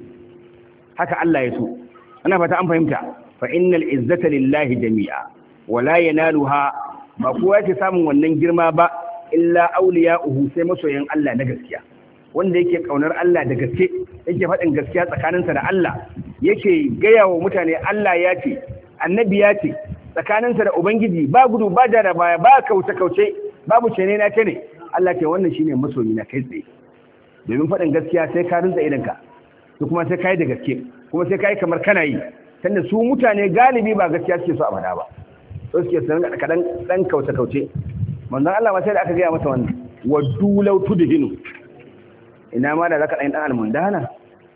haka Allah ya so ana fata an fahimta fa innal izzata lillahi jami'a wala yanaluha ba kowa yake samun wannan girma ba illa awliya'uhu sai masoyan Allah na gaskiya wanda yake kaunar Allah da gaske yake faɗin gaskiya tsakaninsa da Allah yake gaya wa mutane Allah ya ce annabi ya ce tsakaninsa da ubangiji ba gudu ba da baya ba kauce kauce babu cene na ne Allah ke wannan shine masoyi na kai tsaye domin faɗin gaskiya sai ka rinza idanka to kuma sai ka yi da gaske kuma sai ka yi kamar kana yi tunda su mutane galibi ba gaskiya suke so a bada ba so suke sanar da kaɗan ɗan kauce kauce manzon Allah ma sai da aka gaya masa wannan wa da hinu. ina ma da zaka ɗan ɗan almundana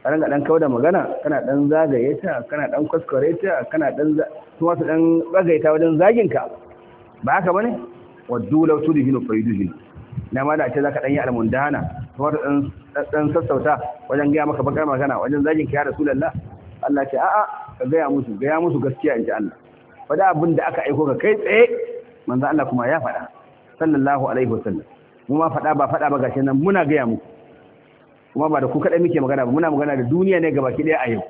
ka ringa dan kauda magana kana dan zagaye ta kana dan kuskure ta kana dan kuma su dan zagaita wajen zagin ka ba haka bane waddu law tudhinu fayudhin na ma da ce zaka dan yi almundana kuma dan dan sassauta wajen ga maka bakar magana wajen zagin ka ya rasulullah Allah ce a'a ka ga ya musu ga ya musu gaskiya inji Allah da abin da aka aiko ka kai tsaye manzo Allah kuma ya fada sallallahu alaihi wasallam mu ma fada ba fada ba gashi nan muna ga ya muku kuma ba da ku kaɗai muke magana ba muna magana da duniya ne gaba ki ɗaya a yau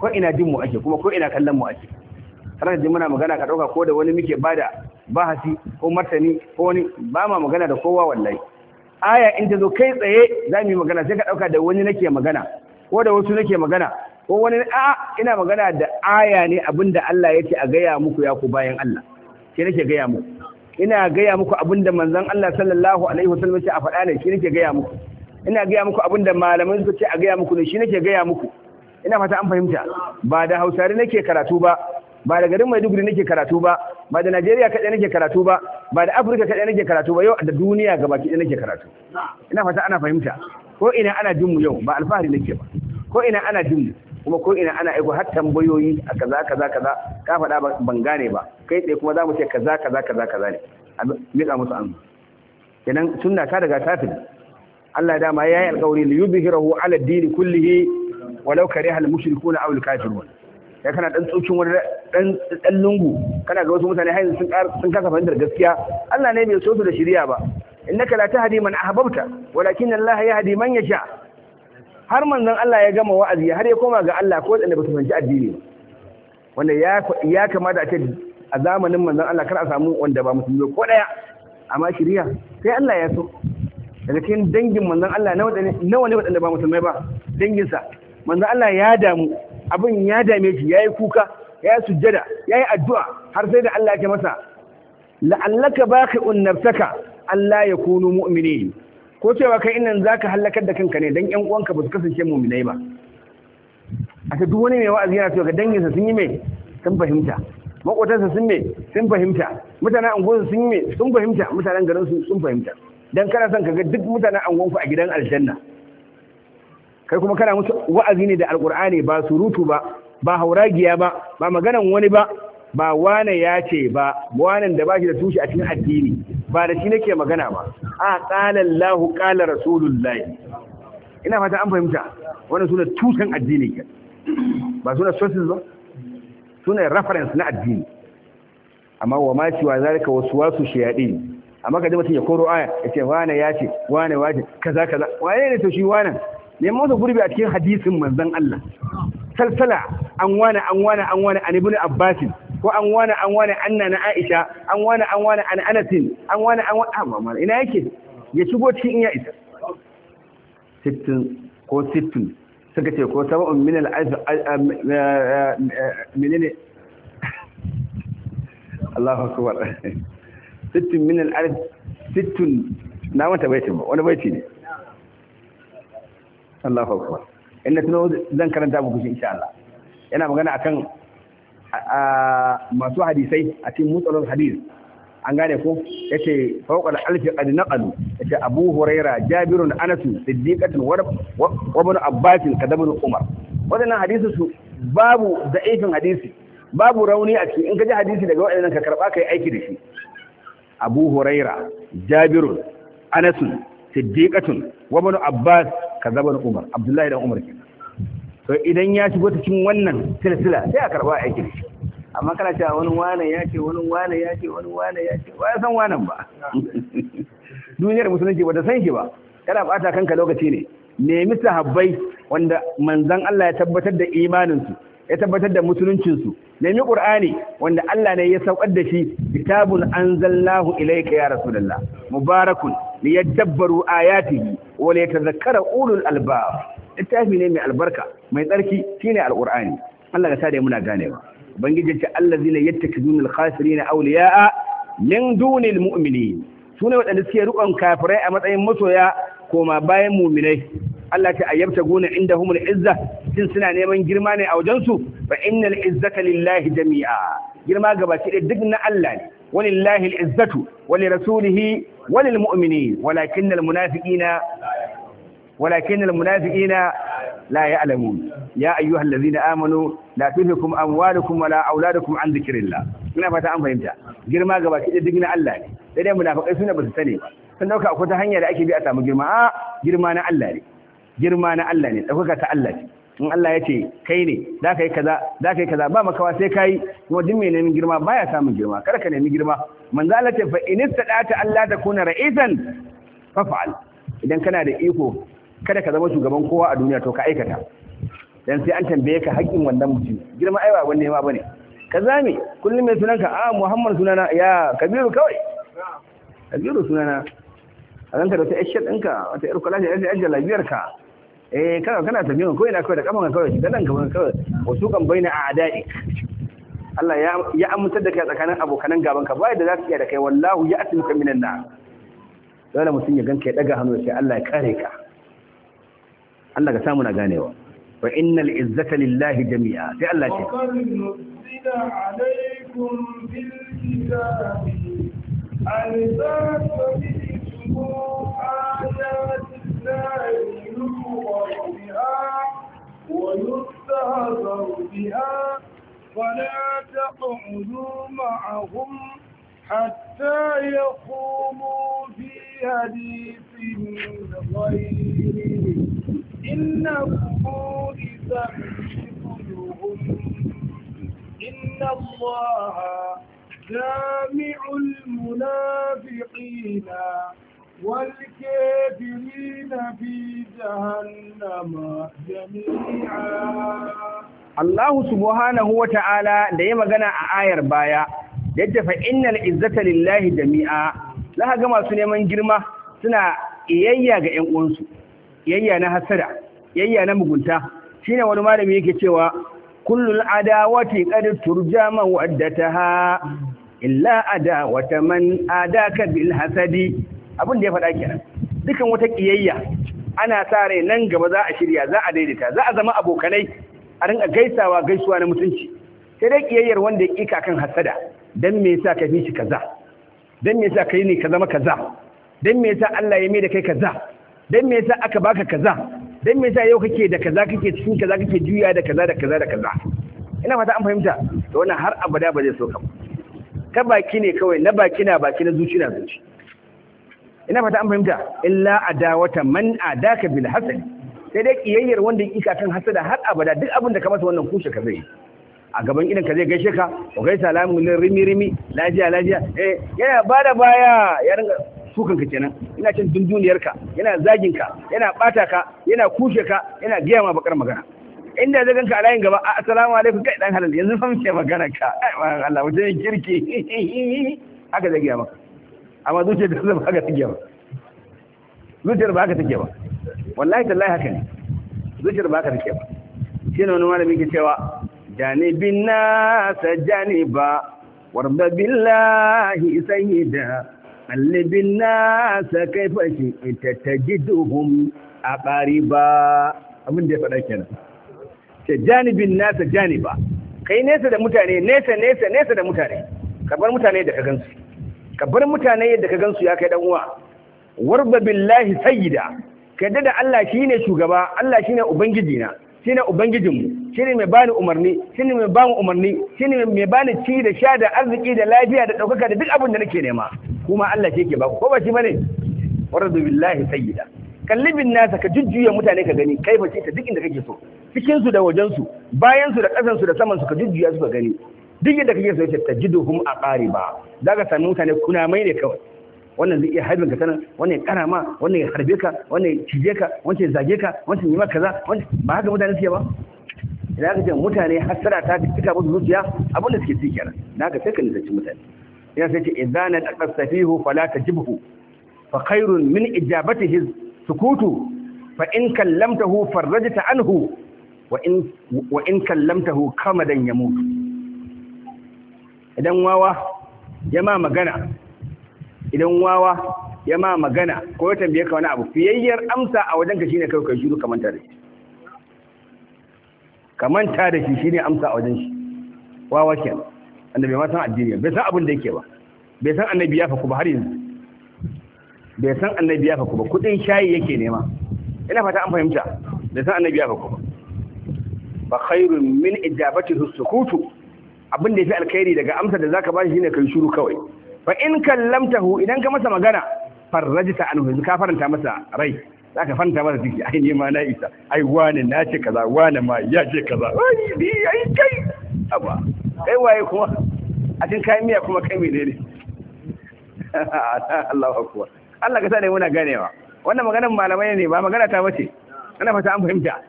ko ina jin mu ake kuma ko ina kallon mu ake kana jin muna magana ka ɗauka ko da wani muke bada bahasi ko martani ko wani ba ma magana da kowa wallahi aya in ta zo kai tsaye za mu yi magana sai ka ɗauka da wani nake magana ko da wasu nake magana ko wani a ina magana da aya ne abinda Allah ya ce a gaya muku ya ku bayan Allah shi nake gaya muku ina gaya muku abinda manzon Allah sallallahu alaihi wasallam ya ce a faɗa ne shi nake gaya muku ina gaya muku abin da malamai su ce a gaya muku ne shi nake gaya muku ina fata an fahimta ba da hausare nake karatu ba ba da garin maiduguri nake karatu ba ba da najeriya kaɗai nake karatu ba ba da afirka kaɗai nake karatu ba yau da duniya ga baki nake karatu ina fata ana fahimta ko ina ana jin mu yau ba alfahari nake ba ko ina ana jin mu kuma ko ina ana aiko har tambayoyi a kaza kaza kaza ka faɗa ban gane ba kai tsaye kuma za mu ce kaza kaza kaza kaza ne a miƙa musu an kenan sunna ta daga tafi Allah dama yayi alƙawari li yudhhirahu ala dini kullihi walau kariha al-mushrikuuna aw al-kafirun ya kana dan tsokin wani dan dan lungu kana ga wasu mutane hayin sun sun kasa fahimtar gaskiya Allah ne bai so su da shari'a ba innaka la tahdi man ahbabta walakin Allah yahdi man yasha har manzon Allah ya gama wa'azi har ya koma ga Allah ko wanda ba su fahimci addini ba wanda ya kamata a ce a zamanin manzon Allah kar a samu wanda ba musulmi ko daya amma shari'a sai Allah ya so daga cikin dangin manzon Allah nawa ne wadanda ba musulmai ba danginsa manzon Allah ya damu abin ya dame shi yayi kuka yayi sujjada yi addu'a har sai da Allah ya masa la'allaka baqi'un nafsaka Allah ya kunu mu'minin ko cewa kai innan zaka halakar da kanka ne dan 'yan'uwanka uwanka ba su kasance mu'minai ba a ta duk wani mai wa'azi yana cewa ga danginsa sun yi mai sun fahimta sun me sun fahimta mutanen unguwarsu sun yi me sun fahimta mutanen garin sun fahimta dan kana son ka ga duk mutanen angonku a gidan aljanna kai kuma kana musu wa'azi ne da Alkur'ani ba surutu ba ba hauragiya ba ba maganan wani ba ba wane ya ce ba wanan da bashi da tushe a cikin addini ba da shi nake magana ba a qala Allahu qala rasulullahi ina fata an fahimta wannan suna tushen addini ke ba suna sources ba suna reference na addini amma wa ma ciwa zalika wasu shayadin amma ka mutum ya koro aya ya ce wane ya ce wane wace kaza kaza waye ne to shi wane ne masa gurbi a cikin hadisin manzon Allah salsala an wane an wane an wane an ibnu abbas ko an wane an wane anna na aisha an wane an wane an anas an wane an wane amma ina yake ya shigo cikin iya isa sittin ko sittin suka ce ko sab'un min al-alf menene Allahu akbar sittin minal arz sittin na wata baitin ba wani baiti ne Allahu akbar inna tuno zan karanta muku shi insha Allah yana magana akan masu hadisai a cikin mutsalon hadis an gane ko yace fawqal alfi qad naqalu yace Abu hurayra Jabirun Anas Siddiqatun wa ibn Abbas kadabun Umar wadannan hadisi su babu da'ifin hadisi babu rauni a cikin in ka ji hadisi daga waɗannan ka karba kai aiki da shi abu huraira jabirun anasun siddiqatun wa ibn abbas kaza ibn umar abdullahi dan umar kenan to idan ya shigo cikin wannan silsila sai a karba aikin shi amma kana cewa wani wane ya ce wani wane ya ce wani wane ya ce ba san wanan ba [LAUGHS] duniyar musulunci ba ta san shi ba kana bata kanka lokaci ne nemi sahabbai wanda manzon Allah ya tabbatar da imaninsu ya tabbatar da musuluncinsu nemi ƙur'ani wanda Allah ne ya saukar da shi kitabun anzallahu ilayka ya rasulullah mubarakun liyadabbaru ayatihi wa liyatadhakkara ulul albab littafi ne mai albarka mai tsarki shine alqur'ani Allah sa sada muna ganewa ubangiji ce allazina yattakiduna alkhasirina awliya'a min dunil mu'minin sune waɗanda suke rukon kafirai a matsayin masoya koma bayan muminai Allah ta ayyabta guna inda humul izza sun suna neman girma ne a wajensu fa innal izzata lillahi jami'a girma gabaki da duk na Allah ne walillahi al-izzatu wa li rasulihi wa lil mu'minin walakin al munafiqina walakin al munafiqina la ya'lamun ya ayyuhal ladhina amanu la tulhikum amwalukum wa la auladukum an dhikrillah ina fata an fahimta girma gabaki da duk na Allah ne sai dai munafiqai suna ba su sani ba sun dauka akwai ta hanya da ake bi a samu girma a girma na Allah ne girma na Allah ne ɗaukaka ta Allah ce in Allah ya ce kai ne za ka yi kaza za ka yi kaza ba makawa sai ka yi kuma duk mai neman girma baya samun girma kar ka nemi girma manzo Allah ce fa in istata Allah ta kuna ra'isan fa fa'al idan kana da iko kada ka zama shugaban kowa a duniya to ka aikata dan sai an tambaye ka haƙƙin wannan mutum girma aiwa wanne ma bane ka zame kullum mai sunanka a ah, Muhammad sunana ya Kabiru kawai Kabiru sunana a ranka da wata yashar ɗinka wata yar kwalashi yar yar jalabiyar ka eh kana kana tafiya ko ina kawai da kaman kawai da nan kaman kawai su kan baina a adai Allah ya ya amintar da kai tsakanin abokanan gaban ka bai da zaka iya da kai wallahi ya ka minan na dole mutum ya ganka ya daga hannu sai Allah ya kare ka Allah ka samu na ganewa wa innal izzata lillahi jami'a sai Allah ya alaikum bil kitabi واتلوا آيات الله يوعظ بها ويستهزأ بها فلا تقعدوا معهم حتى يقوموا في حديث غيره إنكم إذا إن الله جامع المنافقين والكافرين في جهنم جميعا الله سبحانه وتعالى da ya magana a ayar baya yadda fa innal izzata lillahi jami'a laha ga masu neman girma suna iyayya ga ƴan uwansu iyayya na hasada iyayya na mugunta shine wani malami yake cewa kullul adawati qad turjama waddataha illa adawata man adaka bil hasadi abin da ya faɗa kenan dukan wata kiyayya ana sa rai nan gaba za a shirya za a daidaita za a zama abokanai a rinka gaisawa gaisuwa na mutunci sai dai kiyayyar wanda ya kika kan hasada dan me yasa ka fi kaza dan me yasa kai ne ka zama kaza dan me yasa Allah ya mai da kai kaza dan me yasa aka baka kaza dan me yasa yau kake da kaza kake cikin kaza kake juya da kaza da kaza da kaza ina fata an fahimta to wannan har abada ba zai so ka ka baki ne kawai na baki na baki na zuci na zuci ina fata an fahimta illa adawata man adaka bil hasad sai dai kiyayyar wanda yake kan hasada har abada duk abin da ka masa wannan kushe ka zai a gaban idan ka zai gaishe ka ko kai salamu lin rimi rimi lafiya lafiya eh yana bada baya ya ringa sukan ka kenan ina cin dunduniyar ka yana zagin ka yana bata ka yana kushe ka yana giya ma bakar magana inda zai ganka a gaba assalamu alaikum kai dan halal yanzu fa magana ka ai Allah wajen kirki [LAUGHS] haka zai giya maka amma zuciyar da zuwa haka take ba zuciyar ba haka take ba wallahi tallahi haka ne zuciyar ba haka take ba shi ne wani malami ke cewa janibin nasa janiba warba billahi sayyida allibin nasa kai fashi ita tajiduhum a ba abin da ya faɗa kenan ce janibin nasa janiba kai nesa da mutane nesa nesa nesa da mutane kabar mutane da ka gansu ka bar mutane yadda ka gansu ya kai dan uwa warba billahi sayyida ka dada da Allah shine shugaba Allah shine ubangiji na shine ubangijin mu shine mai bani umarni shine mai bani umarni shine mai bani ci da sha da arziki da lafiya da daukaka da duk abin da nake nema kuma Allah shi yake baku ko ba shi bane warba billahi sayyida bin nasa ka jujjuya mutane ka gani kai bace ta duk inda kake so cikin su da wajen su bayan su da kasan su da saman su ka jujjuya su ka gani duk yadda kake so ya ta a ƙari ba. Za ka sami mutane kuna mai ne kawai wannan zai iya haifin ka sanar, wannan ya ƙara ma wannan ya harbe ka wannan ya cije ka wancan ya zage ka wancan ya maka kaza ba haka mutane suke ba idan aka ce mutane hasara ta cika musu zuciya abinda suke ciki kenan Na ka sai ka cin mutane ya sai ce idan an hu fala hu fa khairun min hi sukutu fa in kallamtahu farajta anhu wa in wa in kallamtahu kamadan yamutu idan wawa ya ma magana idan wawa ya ma magana ko ya tambaye ka wani abu fiyayyar amsa a wajen ka shine kai kai shiru kamanta da shi kamanta da shi shine amsa a wajen shi wawa ke annabi ma san addini bai san abin da yake ba bai san annabi ya faku ba har yanzu bai san annabi ya faku ba kudin shayi yake nema ina fata an fahimta bai san annabi ya faku ba fa khairun min ijabatihi sukutu abin da ya fi alkhairi daga amsar da zaka bashi shine kai shiru kawai fa in kallamtahu idan ka masa magana farrajta anhu yanzu ka faranta masa rai zaka faranta masa ciki ai ne ma na isa ai wani na ce kaza wani ma ya ce kaza ai bi ai kai aba kai waye kuma a cikin kayan miya kuma kai menene [LAUGHS] Allahu akbar Allah ka sa muna ganewa wannan maganar malamai ne ba magana ta bace ana fata an fahimta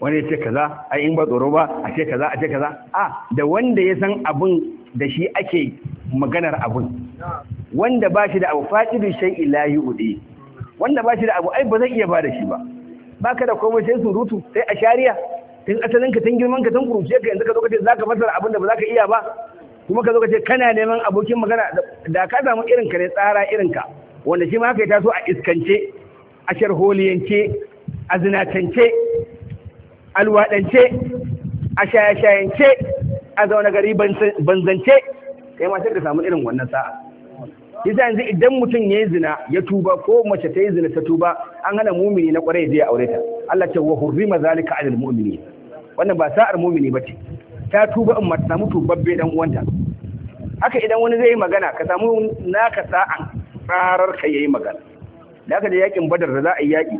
wani ce kaza ai in ba tsoro ba a ce kaza a ce kaza a da wanda ya san abun da shi ake maganar abun wanda ba shi da abu fa'idu shay ilahi ude. wanda ba shi da abu ai ba zai iya ba da shi ba baka da komai sai surutu sai a shariya? tun asalin ka tun girman ka tun kuruce ka yanzu ka zo ka ce zaka fasara abin da ba zaka iya ba kuma ka zo ka ce kana neman abokin magana da ka samu irin ka ne tsara irin ka wanda shi ma haka ya taso a iskance a sharholiyance a zinatance alwaɗance a shayashayance a zaune gari banzance kai ma sai ka samu irin wannan sa'a yasa yanzu idan mutum ya yi zina ya tuba ko mace ta yi zina ta tuba an hana mumini na kwarai zai ya aure ta Allah ce wa hurrima zalika alal mu'mini wannan ba sa'ar mumini ce. ta tuba in ma samu tubabbe dan uwanta haka idan wani zai yi magana ka samu naka sa'an tsarar ka yayi magana da haka da yakin badar da za a yi yaki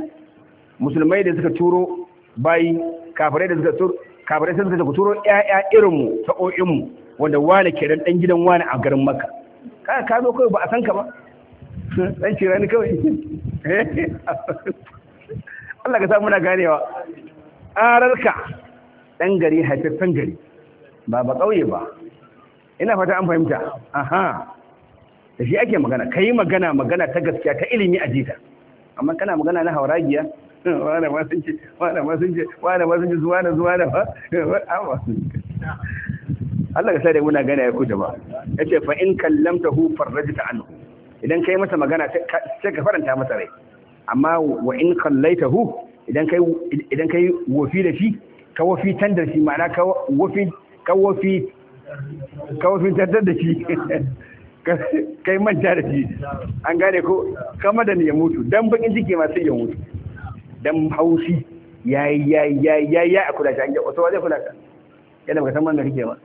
musulmai da suka turo bayi kafirai da suka tur kafirai sun suka turo ƴaƴa irin mu sa'o'in mu wanda wani kenan dan gidan wani a garin Makka ka ka zo kai ba a san ka ba dan [LAUGHS] cira ni kawai [LAUGHS] Allah ka sa muna ganewa ararka dan gari haifaffen gari ba ba kauye ba ina fata an fahimta aha da shi ake magana kai magana magana ta gaskiya ta ilimi a jita amma kana magana na hauragiya [LAUGHS] wane ma sun ce zuwa na zuwa na ba Allah ga sai da muna gana ya ku ya ce fa in kallamtahu farajta anu idan kai masa magana sai ka faranta masa rai amma wa in hu idan ka idan kai wafi da shi ka wafi da shi ma'ana ka wafi ka da shi [LAUGHS] kai manta da shi an gane ko kama da ya mutu dan bakin jike ma sai ya mutu dan haushi yayi yayi yayi yayi a kula shi an wato zai kula ka yana baka san man kike ba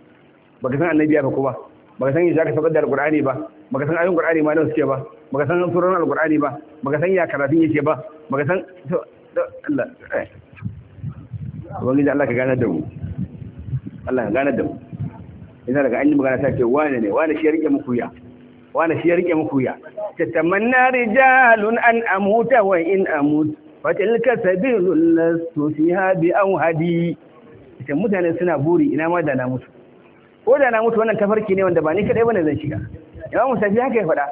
baka san annabi ba ko ba baka san yadda aka saukar da alqur'ani ba baka san ayoyin qur'ani ma nawa suke ba baka san suran alqur'ani ba baka san ya karatun yake ba baka san Allah da eh. Allah ka gane da mu Allah ka gane da mu idan daga annabi magana ta ce wane ne wane shi ya rike muku ya wani shi ya rike muku ya. tatamanna rijalun an amuta wa in amut fatilka sabilul lastu fiha bi awhadi ita mutane suna buri ina ma da na mutu ko da na mutu wannan tafarki ne wanda ba ni kadai bane zan shiga imamu safi haka ya faɗa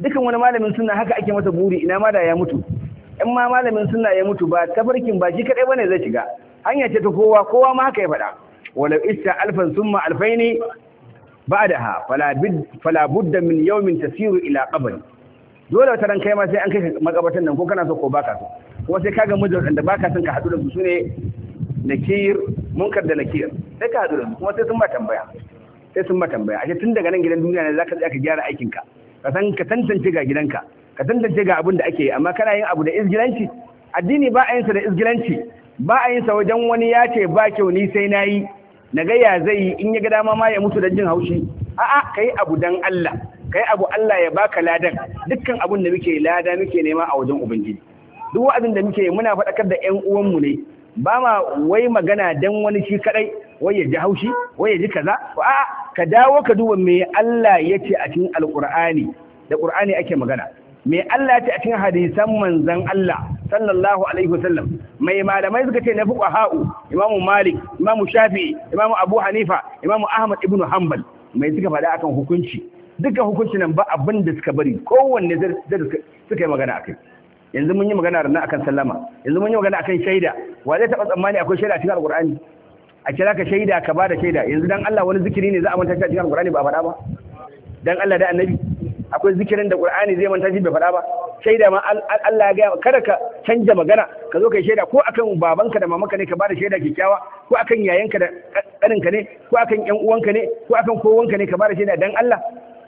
Dukkan wani malamin suna haka ake masa buri ina ma da ya mutu in ma malamin suna ya mutu ba tafarkin ba shi kadai bane zai shiga hanya ce ta kowa kowa ma haka ya faɗa walau ista alfan summa alfaini ba'daha fala bid fala budda min yawmin tasiru ila qabri dole wata ran kai ma sai an kai makabatan nan ko kana so ko baka so ko sai kaga mu da wanda baka son ka hadu da su sune nakir munkar da nakir sai ka hadu da su kuma sai sun ba tambaya sai sun ba tambaya ashe tun daga nan gidan duniya ne zaka je ka gyara aikin ka ka san ka tantance ga gidanka ka tantance ga abin da ake yi amma kana yin abu da izgilanci addini ba a yin sa da izgilanci ba a yin sa wajen wani ya ce ba kyau ni sai nayi na ga ya zai yi in ya ga dama ma ya mutu da jin haushi a'a kai abu dan Allah kai abu Allah ya baka ladan dukkan abun da muke lada muke nema a wajen ubangiji duk wa'azin da muke muna faɗakar da ƴan uwanmu ne ba ma wai magana dan wani shi kadai wai ya ji haushi wai ya ji kaza a ka dawo ka duba me Allah yace ce a cikin alqur'ani da qur'ani ake magana me Allah ya ce a cikin hadisan manzon Allah sallallahu alaihi wasallam mai malamai suka ce na ha'u, imamu malik imamu shafi'i imamu abu hanifa imamu ahmad ibn hanbal mai suka faɗa akan hukunci duka hukunci nan ba abin da suka bari kowanne zai suka yi magana akai yanzu mun yi magana ranar akan sallama yanzu mun yi magana akan shaida wa zai taɓa tsammani akwai shaida a cikin alƙur'ani a kira ka shaida ka bada shaida yanzu dan Allah wani zikiri ne za a manta shi a cikin alƙur'ani ba faɗa ba dan Allah da annabi akwai zikirin da ƙur'ani zai manta shi bai faɗa ba shaida ma Allah ya gaya kada ka canja magana ka zo kai shaida ko akan babanka da mamanka ne ka bada shaida kikkiawa ko akan yayanka da ƙaninka ne ko akan ƴan uwanka ne ko akan kowanka ne ka bada shaida dan Allah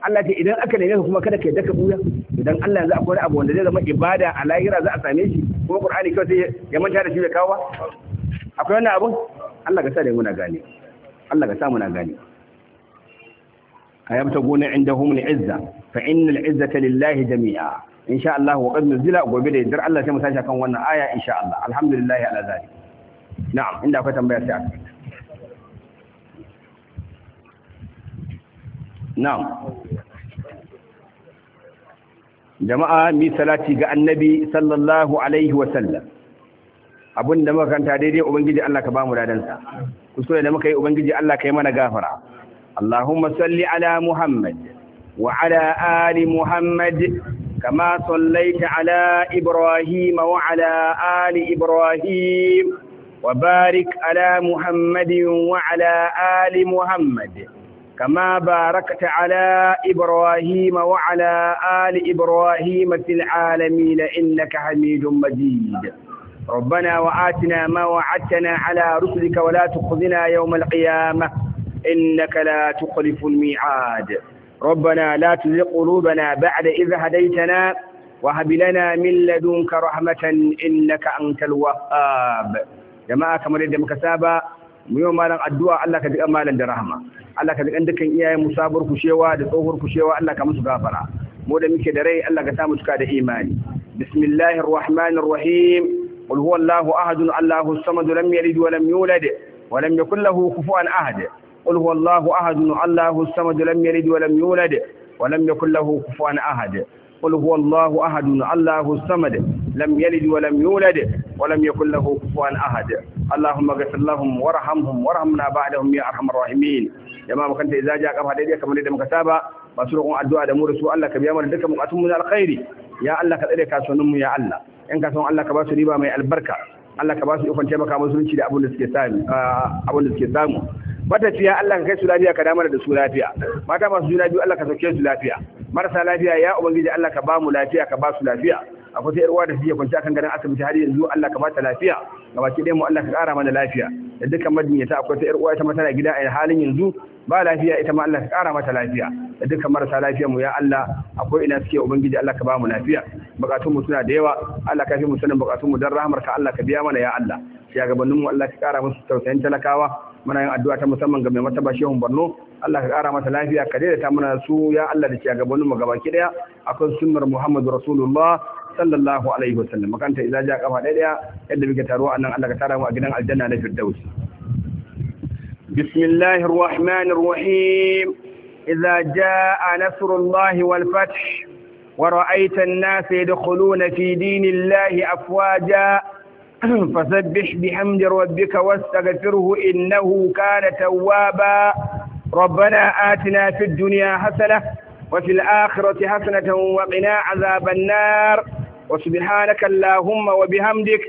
Allah ce idan aka neme ka kuma kada ka yadda ka buya idan Allah yanzu akwai abu wanda zai zama ibada a lahira za a same shi kuma Qur'ani kawai sai ya manta da shi bai kawo ba akwai wannan abun Allah ka sa da muna gane Allah ka sa muna gane ayabtaguna indahum al-izza fa innal izzata lillahi jami'a insha Allah wa qad nuzila gobe da yardar Allah sai mu tashi kan wannan aya insha Allah alhamdulillah ala zalik na'am inda akwai tambaya sai a na'am jama'a mi salati ga annabi sallallahu alaihi wasallam abin da muka daidai ubangiji Allah ka bamu dadansa kuskure da muka yi ubangiji Allah ka yi mana gafara Allahumma salli ala Muhammad wa ala ali Muhammad kama sallaita ala Ibrahim wa ala ali Ibrahim wa barik ala Muhammadin wa ala ali Muhammad كما باركت على إبراهيم وعلى آل إبراهيم في العالمين إنك حميد مجيد ربنا وآتنا ما وعدتنا على رسلك ولا تخذنا يوم القيامة إنك لا تخلف الميعاد ربنا لا تزغ قلوبنا بعد إذ هديتنا وهب لنا من لدنك رحمة إنك أنت الوهاب جماعة كما لدى مكسابا mu yi malam addu'a Allah ka jiƙan malam da rahama Allah ka jiƙan dukkan iyayen mu sabuwar kushewa da tsohuwar kushewa Allah ka musu gafara mu da muke da rai Allah ka sa mu cika da imani bismillahir rahmanir rahim qul huwallahu ahadun allahu samad lam yalid wa lam yulad wa lam yakul lahu kufuwan ahad qul huwallahu ahadun allahu samad lam yalid wa lam yulad wa lam yakul lahu kufuwan ahad قل هو الله أحد الله الصمد لم يلد ولم يولد ولم يكن له كفوا أحد اللهم اغفر لهم وارحمهم وارحمنا بعدهم يا ارحم الراحمين jama'a makanta idza ja kafa daidai kamar da muka saba masu roƙon addu'a da mu da su Allah ka biya mana dukkan bukatun mu na alkhairi ya Allah ka tsare kasuwannin ya Allah yan kasuwan Allah ka ba riba mai albarka Allah ka ba su ikon taimaka musulunci da abin da suke samu Allah ka kai su lafiya ka damar da su lafiya mata masu juna biyu Allah ka sauke su lafiya marasa lafiya ya ubangiji Allah ka ba mu lafiya ka ba su lafiya akwai sai uwa da su kwanci kan garin asibiti har yanzu Allah ka bata lafiya ga baki ɗayan mu Allah ka ƙara mana lafiya da dukkan majinyata akwai sai uwa ita ma tana gida a halin yanzu ba lafiya ita ma Allah ka ƙara mata lafiya da dukkan marasa lafiya mu ya Allah akwai ina suke ubangiji Allah ka ba mu lafiya bukatun mu suna da yawa Allah ka fi mu sanin bukatun mu dan rahmar ka Allah ka biya mana ya Allah shugabannin mu Allah ka ƙara musu tausayin talakawa muna yin addu'a ta musamman ga mai martaba Shehun Borno Allah ka ƙara mata lafiya ka daidaita mana su ya Allah da shugabannin mu gabaki daya akan sunnar Muhammadu Rasulullah sallallahu alaihi wasallam makanta idza ja kafa dai daya yadda muke taruwa annan Allah ka tara mu a gidan aljanna na firdaus bismillahir rahmanir rahim idza jaa nasrullahi wal fath wa ra'aita an-nas yadkhuluna fi dinillahi afwaja فسبح بحمد ربك واستغفره إنه كان توابا ربنا آتنا في الدنيا حسنة وفي الآخرة حسنة وقنا عذاب النار وسبحانك اللهم وبحمدك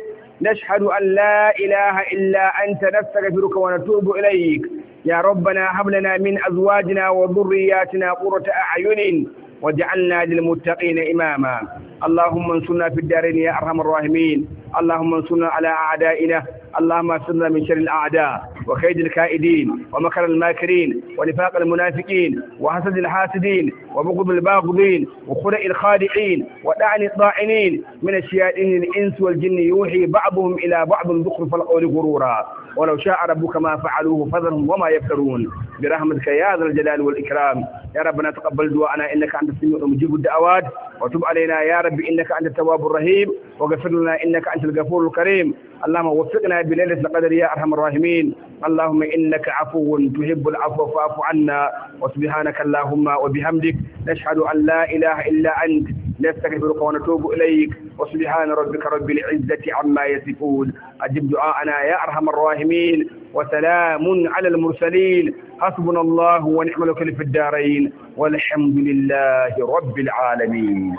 نشهد أن لا إله إلا أنت نستغفرك ونتوب إليك يا ربنا هب لنا من أزواجنا وذرياتنا قرة أعين وجعلنا للمتقين إماما اللهم انصرنا في الدارين يا أرحم الراحمين اللهم انصرنا على أعدائنا اللهم انصرنا من شر الأعداء وكيد الكائدين ومكر الماكرين ونفاق المنافقين وحسد الحاسدين وبغض الباغضين وخدع الخادعين ودعن الطاعنين من الشياطين الإنس والجن يوحي بعضهم إلى بعض ذخرف القول غرورا ولو شاء ربك ما فعلوه فذرهم وما يفترون برحمتك يا ذا الجلال والإكرام يا ربنا تقبل دعاءنا إنك أنت السميع المجيب الدعوات وتب علينا يا رب إنك أنت التواب الرحيم وغفر لنا إنك أنت الغفور الكريم اللهم وفقنا بليلة القدر يا أرحم الراحمين اللهم إنك عفو تحب العفو فاعف عنا وسبحانك اللهم وبحمدك نشهد أن لا إله إلا أنت نستغفرك ونتوب إليك وسبحان ربك رب العزة عما يصفون أجب دعاءنا يا أرحم الراحمين وسلام على المرسلين حسبنا الله ونعم الوكيل في الدارين والحمد لله رب العالمين